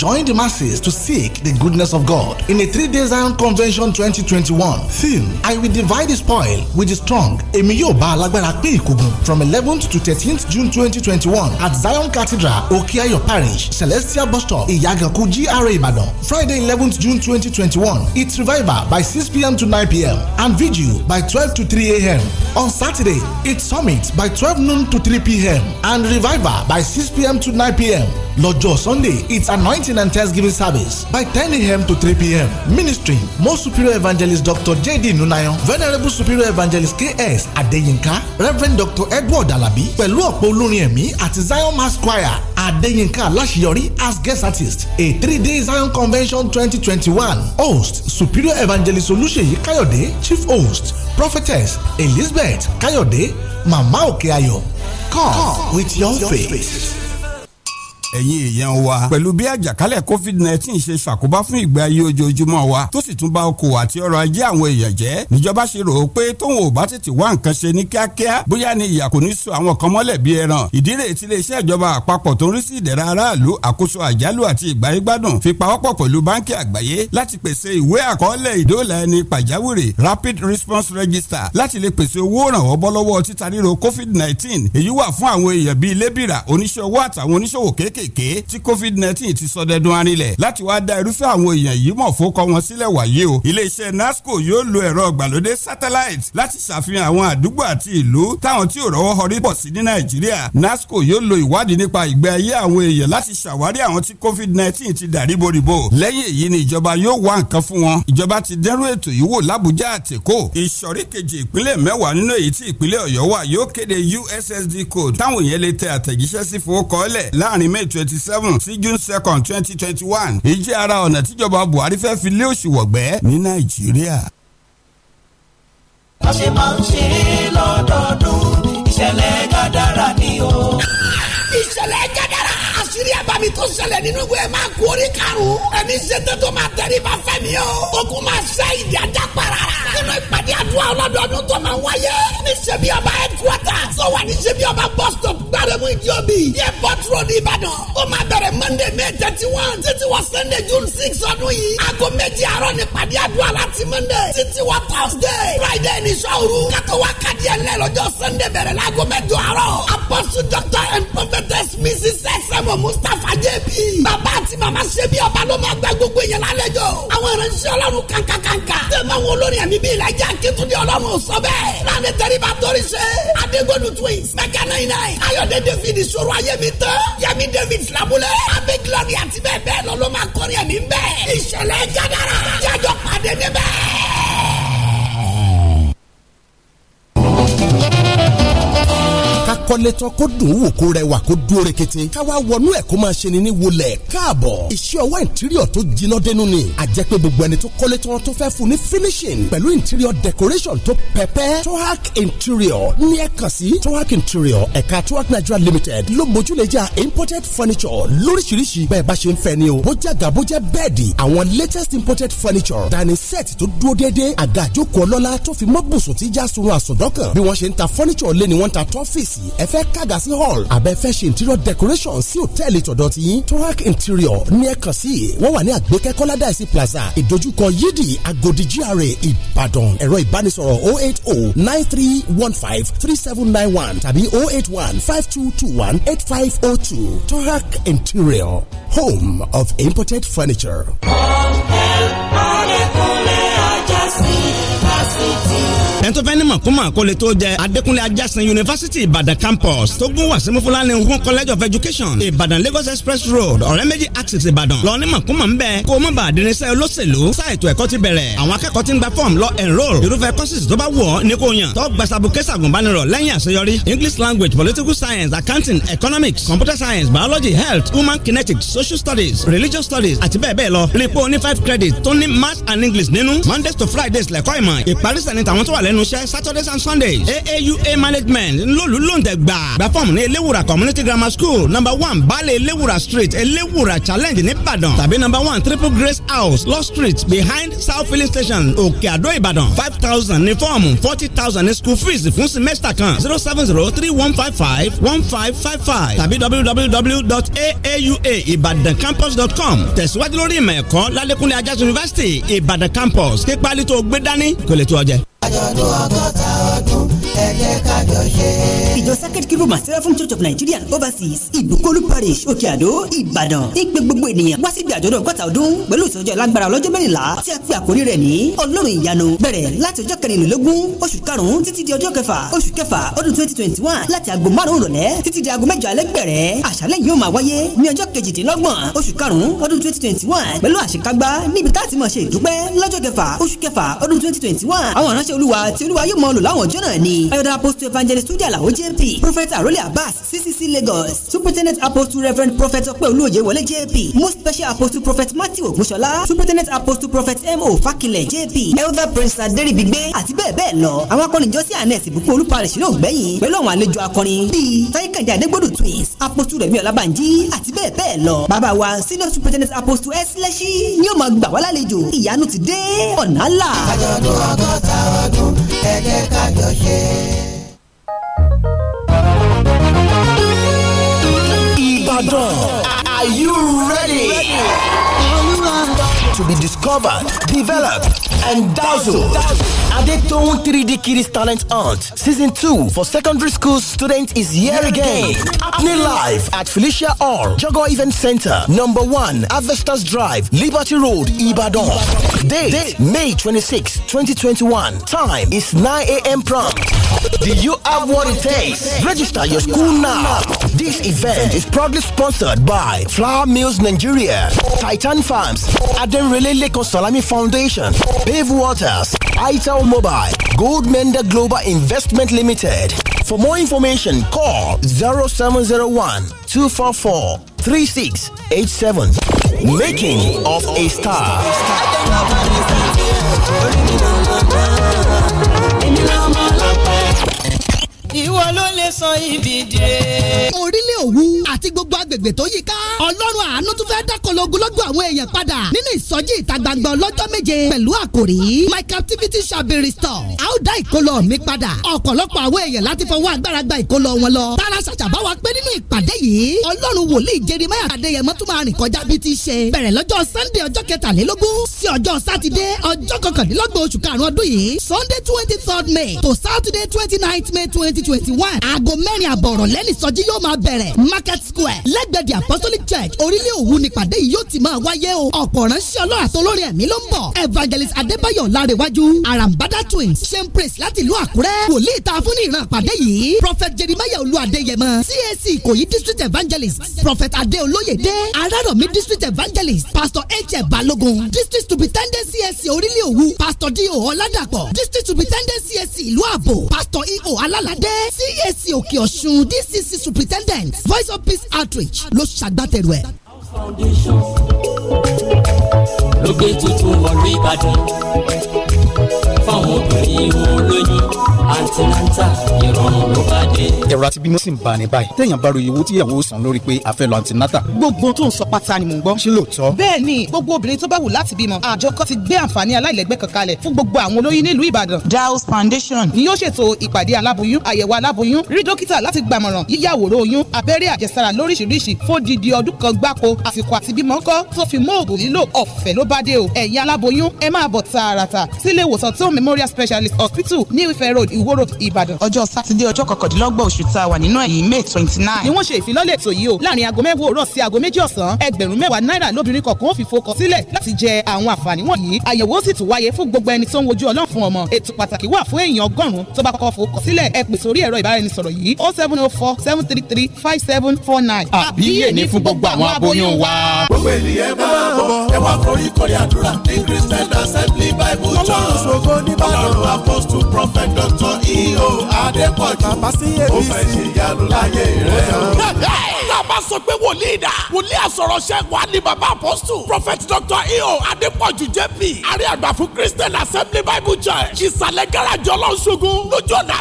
join the masses to seek the goodness of God in a three-day Zion Convention 2021 theme I will divide the spoil with the strong èmi yóò bá alágbára pín ìkógun from eleventh to thirteenth June 2021 at Zion Cathedral Okiayo Parish Celestial Bus Stop Iyaganku GRA Ibadan Friday 11th June 2021 its revival by 6pm to 9pm and vigil by 12 to 3am on Saturday its summit by 12 noon to 3pm and revival by 6pm to 9pm Lord Joe Sunday its anointing Thanksgiving and Thanksgiving service by 10 a.m. to 3 p.m. Ministry Most Superior Evangelist Dr. J.D. Nunayan, Venerable Superior Evangelist K.S. Adeyinka, Reverend Dr. Edward Alabi pẹ̀lú ọ̀pọ̀ olórin ẹ̀mí àti Zion Mass Choir Adeyinka Alasiyori as guest artist a three-day Zion Convention 2021 host Superior Evangelist Olúṣèyí Káyọ̀dé chief host prophetess Elizabeth Kayode, Mama Okeayo come, come with your faith. faith ẹ̀yin èèyàn wa. pẹ̀lú bí àjàkálẹ̀ covid-19 ṣe ṣàkóbá fún ìgbé ayé ojoojúmọ́ wa tó sì tún bà okòwò àti ọrọ̀ ajé àwọn èèyàn jẹ́ níjọba ṣe rò ó pé tóun ò bá tètè wá nǹkan ṣe ní kíákíá bóyá ni ìyà kò ní so àwọn kan mọ́lẹ̀ bí ẹran ìdí rèé ìjọba àpapọ̀ tó ń rí sí ìdẹ̀ra aráàlú àkóso àjálù àti ìgbáyégbádùn fi pawọ́pọ̀ pẹ̀lú báńkì àgbáyé láti pèsè ìwé àkọọ́lẹ̀ ìdóòlà ẹni pàjáwìrì rapid response register láti lè pèsè owó ìrànwọ́ bọ́ títa ríro covid-19 èyí wà fún àwọn èèyàn bíi lébìrà oníṣẹ́ owó àtàwọn oníṣòwò kéékèèké kéékèèké tí covid-19 ti sọdẹdun arinlẹ̀ láti wá dá irúfẹ́ àwọn èèyàn yìí mọ̀ fókọ wọn sílẹ̀ wáyé o iléeṣẹ́ nasco yóò lo ẹ̀rọ ìgbàlódé satellite láti ṣàfihàn àwọn àdúgbò àti ìlú táwọn tí ò rọ́wọ́ họrí pọ̀ sí ní nàìjíríà nasco yóò lo ìwádìí nípa ìgbé ayé àwọn èèyàn láti ṣàwárí àwọn tí covid-19 ti dà ríboríbo lẹ́yìn èyí ni ìjọba yóò wá nǹkan fún wọn ìjọba ti dẹ́rù ètò yìí wò lábújá àtẹ̀kọ́ ìsọ̀rí kejì ìpínlẹ̀ mẹ́wàá nínú èyí tí ìpínlẹ̀ ọ̀yọ́ wà yóò kéde ussd code táwọn èèyàn lè tẹ àtẹ̀jíṣẹ́ sí fowókọ́lẹ̀ láàrin mẹ́ January twenty seven sí June second twenty twenty one èyí jẹ́ ara ọ̀nà tíjọba Buhari fẹ́ fi lé òṣì wọ̀gbẹ́ ní Nàìjíríà. a ṣe máa ń ṣe lọ́dọọdún ìṣẹ̀lẹ̀ kádàrá ni o ṣẹlẹ̀ nínú ìwé ẹ̀ máa kú orí karùn-ún. ẹni ṣetán tó máa tẹ̀lé bá fẹ́ mi o. o kún máa ṣe ìdí ajá para rà. nínú ìpàdé àdúrà ọlọ́dọọdún tó máa wáyé. ní ṣebí ọba headquarter. sọ wà ní ṣebí ọba bus stop gbàrẹ̀mú ìjọbi. yẹ port road ìbàdàn. ó máa bẹ̀rẹ̀ monday may thirty one. títí wọ sunday june six ọdún yìí. aago méjì àárọ̀ ní ìpàdé àdúrà láti monday. títí wọ thursday friday ní sọ́ọ̀rù. kátó wá kàdí ẹ̀ lẹ́ lọ́jọ́ sunday bẹ̀rẹ̀ láago mẹ́jọ àárọ̀. apostle doctor and prophetess mrs sẹ́sẹ̀mọ̀ mustapha jẹ́bi yìí. bàbá àti màmá ṣe bí ọba ló máa gba gbogbo èèyàn lálejò. àwọn ìránṣẹ́ ọlọ́run kankankanka. tẹ̀mọ àwọn olórin ẹ̀mí bíi ìlàjà akitunde ọlọ́run sọ bẹ́ẹ̀. láàrin tẹríba torí ṣe. adégòdù twins mẹ́kà náírà yìí. ayọ̀dẹ david ìṣòro ayémi tán. yẹmi david labulẹ̀. abẹ́ gloria àti bẹ́ẹ̀ bẹ́ẹ̀ lọ ló máa kọrin ẹ̀mí bẹ́ẹ̀. ìṣẹ̀lẹ̀ jádára. jájọ pàdé níbẹ̀. kọ́lé tán kó dùn ún wò kó rẹwà kó dúró rekete káwa wọnú ẹ̀ kó máa ṣe ni ní wọlé káàbọ̀ iṣẹ́ ọwọ́ interior tó jiná dénú ni àjẹpẹ́ gbogbo ẹni tó kọ́lé tán tó fẹ́ fún ní finishing pẹ̀lú interior decoration tó pẹ́pẹ́ tohac interior ní ẹ̀ kàn sí tohac interior ẹ̀ka tohac nigeria limited ló mójúlẹ̀jà imported furniture lóríṣiríṣi bẹ́ẹ̀ bá ṣe ń fẹ́ ni o bójá gà bójá bẹ́ẹ̀dì latest imported furniture dining set tó dúró déédéé àga àjókòó ọlọ́lá tó fi mọ́ bùsùn tí já sunrun àsùndọ́kàn bí wọ́n ṣe ń ta furniture lé ni wọ́n ń ta tọ́fíìsì ẹ ẹ fẹ́ kàgà sí hall àbẹ fẹ́ ṣe interior decoration sí hòtẹ́ẹ̀lì tọ̀dọ̀ tí yín torac interior ní ẹ kàn sí wọ́n wà ní àgbékẹ́ kọ́ládàísí plaza ìdojúkọ yídì agodi gra ìbàdàn ẹ̀rọ ìbánisọ̀rọ̀ o oh eight o oh nine three one five three seven nine one tàbí o oh eight one five two two one eight five o two torac interior home of imported furniture. ẹni tó fẹ́ ní mọ̀kúmọ̀ kó lè tó jẹ Adékúnlé Ajásin University Ìbàdàn campus tó gún wàsímù Fúlàní Ogun College of Education Ìbàdàn Lagos Express Road ọ̀rẹ́ méjì access Ìbàdàn lọ ní mọ̀kúmọ̀ ń bẹ kó o mọ̀ bá àdínísẹ́ olóṣèlú sáà ètò ẹ̀kọ́ ti bẹ̀rẹ̀ àwọn akẹ́kọ̀ọ́ ti ń gba fọ́ọ̀mù lọ enrol irúfẹ́ courses tó bá wù ọ́ ní yàn tó gbasabu kẹsàgùnbánirọ̀ lẹ́yìn àṣeyọrí English language political science accounting economics computer science biology health human kinetics social studies religious studies àti bẹ́ẹ̀ bẹ́ẹ̀ lọ rí i pé o ní five credits tó ní maths and English nínú Mondays to Fridays lẹ́kọ́ ìmọ̀ ìparí sẹ́ni tàwọn tó wà lẹ́nu lẹ́nu iṣẹ́ saturdays and sundays aau management ńlọ́lù lóńtẹ̀ gbà gba fọ́ọ̀mù ní eléwùrà community grammar school number one baálé eléwùrà street eléwùrà challenge nìbàdàn tàbí number one triple grace house law street behind south filling station òkè àdó ìbàdàn five thousand ní fọ́ọ̀mù forty thousand ní school fees fún semester kan zero seven zero three one five five one five five five tàbí www.aauaibadancampus.com tẹ̀síwájú lórí ìmọ̀ ẹ̀kọ́ lálẹ́kúnlé ajásùn university ìbàdàn campus kí pálí tó gbé dání kò lè tó ọjẹ́ àjọ̀dún ọgọ́ta ọdún ẹ jẹ́ ká jọ ṣe. ìjọ sacred kingdom of seraphim church of nigeria overseas ìbùkọ́lù parish òkè àdó ìbàdàn ìpè gbogbo ènìyàn wá síbi àjọ̀dún ọgọ́ta ọdún pẹ̀lú ìsọjọ́ ìlágbára ọlọ́jọ́ mẹ́rìnlá tí a pè àkórí rẹ̀ ní ọlọ́run ìyanu bẹ̀rẹ̀ láti ọjọ́ kẹrìnlélógún oṣù karùn-ún títí di ọjọ́ kẹfà oṣù kẹfà ọdún twenty twenty one láti aago márùn-ún rọ̀lẹ́ títí di aago mẹ́jọ alẹ́ gbẹ̀rẹ̀ àṣálẹ́ yìí ó máa wáyé ní ọjọ́ kejìdínlọ́gbọ̀n oṣù karùn-ún ọdún twenty twenty one pẹ̀lú àṣekágbá níbi tá a ti máa ṣe ìdúpẹ́ lọ́jọ́ kẹfà oṣù kẹfà ọdún twenty twenty one àwọn aránṣẹ́ olúwa tí olúwa yóò máa lò láwọn ni ayọ̀dá apostle evangelist tunde OJP prophet arole abbas ccc lagos superintendent apostle reverend prophet ọpẹ́ olóòye jp most special apostle prophet matthew ògúnṣọlá superintendent apostle prophet mo Fakile jp elder prince adéribigbe àti bẹ́ẹ̀ bẹ́ẹ̀ lọ àwọn akọni ìjọsìn àná ẹ̀sìn ìbùkún olúparẹ̀ sílẹ̀ ògbẹ́yìn pẹ̀lú àwọn àlejò akọrin bíi táyíkànjà adégbòdù twins apostle rẹ̀mí ọlábànjí àti bẹ́ẹ̀ bẹ́ẹ̀ lọ bàbá wa senior superintendent apostle s lẹ́sí ni ó máa gbà wá lálejò ìyanu ti dé ọ̀nà àlà. àjọ̀dún ọgọ́ta ọdún ẹ jẹ́ ṣe. Ìbàdàn, are you ready. To be discovered, developed and dazzled. Adetohun 3D Kids Talent Hunt Season 2 for secondary school students is here again. Happening live at Felicia Hall, Jogo Event Center, number 1, Avestas Drive, Liberty Road, Ibadan. Date, May 26, 2021. Time is 9 a.m. prompt. Do you have what it takes? Register your school now. This event is proudly sponsored by Flower Mills Nigeria, Titan Farms, Adenrele Leko Salami Foundation, Dave Waters, ITEL Mobile, Goldmender Global Investment Limited. For more information, call 0701 244 3687. Making of a Star. ìwọ ló lè sọ ibi dé òwu àti gbogbo agbègbè tó yí ká. ọlọ́run àánú tún fẹ́ dákọ̀lọ́ ogunlọ́gbọ̀ àwọn èèyàn padà nínú ìsọjí ìta gbangba ọlọ́jọ́ méje pẹ̀lú àkòrí my captivity shall be restored. a ó dá ìkólọ mi padà ọ̀pọ̀lọpọ̀ àwọn èèyàn láti fọwọ́ agbára gba ìkólọ wọn lọ. tara ṣàṣàbá wa pé nínú ìpàdé yìí ọlọ́run wòlíì jeremiah adéyẹmọ tún máa rìn kọjá bí ti ṣe. bẹ̀rẹ̀ lọ́jọ́ sunday ọjọ́ kẹtàlélógún sí ọjọ́ sunday twenty third may to saturday twenty ninth may twenty twenty one aago mẹ́rin àbọ̀rọ̀ lẹ́nìí sọjí yóò máa bẹ̀rẹ̀ market square lẹ́gbẹ̀dì apostolic church orílẹ̀ òwú ni pàdé yìí yóò ti máa wáyé o ọ̀pọ̀ ránṣẹ́ ọlọ́run àtolórí ẹ̀mí ló ń bọ̀ evangelist adébáyọ̀ lárẹ̀wájú arambada twins shane praise láti ìlú àkúrẹ́ wòlíì ta fún ní ìran pàdé yìí prophet jeremiah olúadéyẹmọ cac ìkòyí district evangelist prophet adéolóyèdé arárọ̀mí district evangelist pastor h Balogun, district superintendent cac orílẹ̀ òwú pastor d o ọládàpọ̀ district superintendent cac ìlú àbò pastor e o alálàdé cac òkè ọ̀ṣun dcc superintendent voice of peace outreach ló ṣàgbátẹrù ẹ̀. lókè tuntun ọ̀rọ̀ ìbàdàn fáwọn obìnrin olóyún antinanta ìrọ̀rùn ló bá dé. ẹ̀rọ àti bímọ sì ń bá ní báyìí téèyàn bá ròyìn owó tíyàwó san lórí pé a fẹ́ lọ antinata. gbogbo tó ń sọ pátá ni mò ń gbọ́. ṣé lóòótọ́. bẹ́ẹ̀ ni gbogbo obìnrin tó bá wù láti bímọ àjọ kan ti gbé àǹfààní aláìlẹ́gbẹ́ kan kalẹ̀ fún gbogbo àwọn olóyún nílùú ìbàdàn. Daos Foundation ni yóò ṣètò ìpàdé aláboyún àyẹ̀wò aláboyún rí dókítà láti gbàmọ̀ràn yíyàwòrán oyún abẹ́rẹ́ àjẹsára lóríṣiríṣi fódìdí ọdún kan gbáko àsìkò àti bímọ kọ́ tó fi mọ́ òògùn ọ̀fẹ́ ló bá dé o ẹ̀yin aláboyún ẹ máa bọ̀ tààràtà sílé ìwòsàn tó memorial specialist hospital New ìfẹ́ road ìwó road ìbàdàn. ọjọ́ sátidé ọjọ́ kọkàndínlọ́gbọ̀n oṣù tá a wà nínú èyí may twenty nine. ni wọ́n ṣe ìfilọ́lẹ̀ ètò yìí o láàrin aago mẹ́wàá òwúrọ̀ sí aago méjì ọ̀sán ẹgbẹ̀rún mẹ́wàá náírà lóbìnrin kọ̀ọ̀kan ó fi fokàn sílẹ̀ láti jẹ àwọn àǹfààní wọ̀nyí àyẹ̀wò sì tún wáyé fún gbogbo ẹni tó ń wojú ọlọ́run fún ọmọ ètò pàtàkì wà fún èèyàn ọgọ́rùn-ún tó bá kọ́kọ́ fokàn sílẹ̀ ẹ pè sórí ẹ̀rọ ìbáraẹnisọ̀rọ̀ yìí oh seven oh four seven three three five seven four nine. àbíyè ní fún gbogbo àwọn wa. gbogbo oníbàdàn apọ́sù Prophet Doctor E.O. Adépọ̀jù ó fẹ́ ṣe ìyanu láyé rẹ̀ o bá sọ pé wòlíì dà wòlíì àsọ̀rọ̀ ṣẹ́gun àní bàbá apọ́sù prophet Doctor eo adépọ̀jù jp àrí fún christian assembly bible church ìsàlẹ̀ gáràjì ọlọ́ṣogún lójú ọ̀nà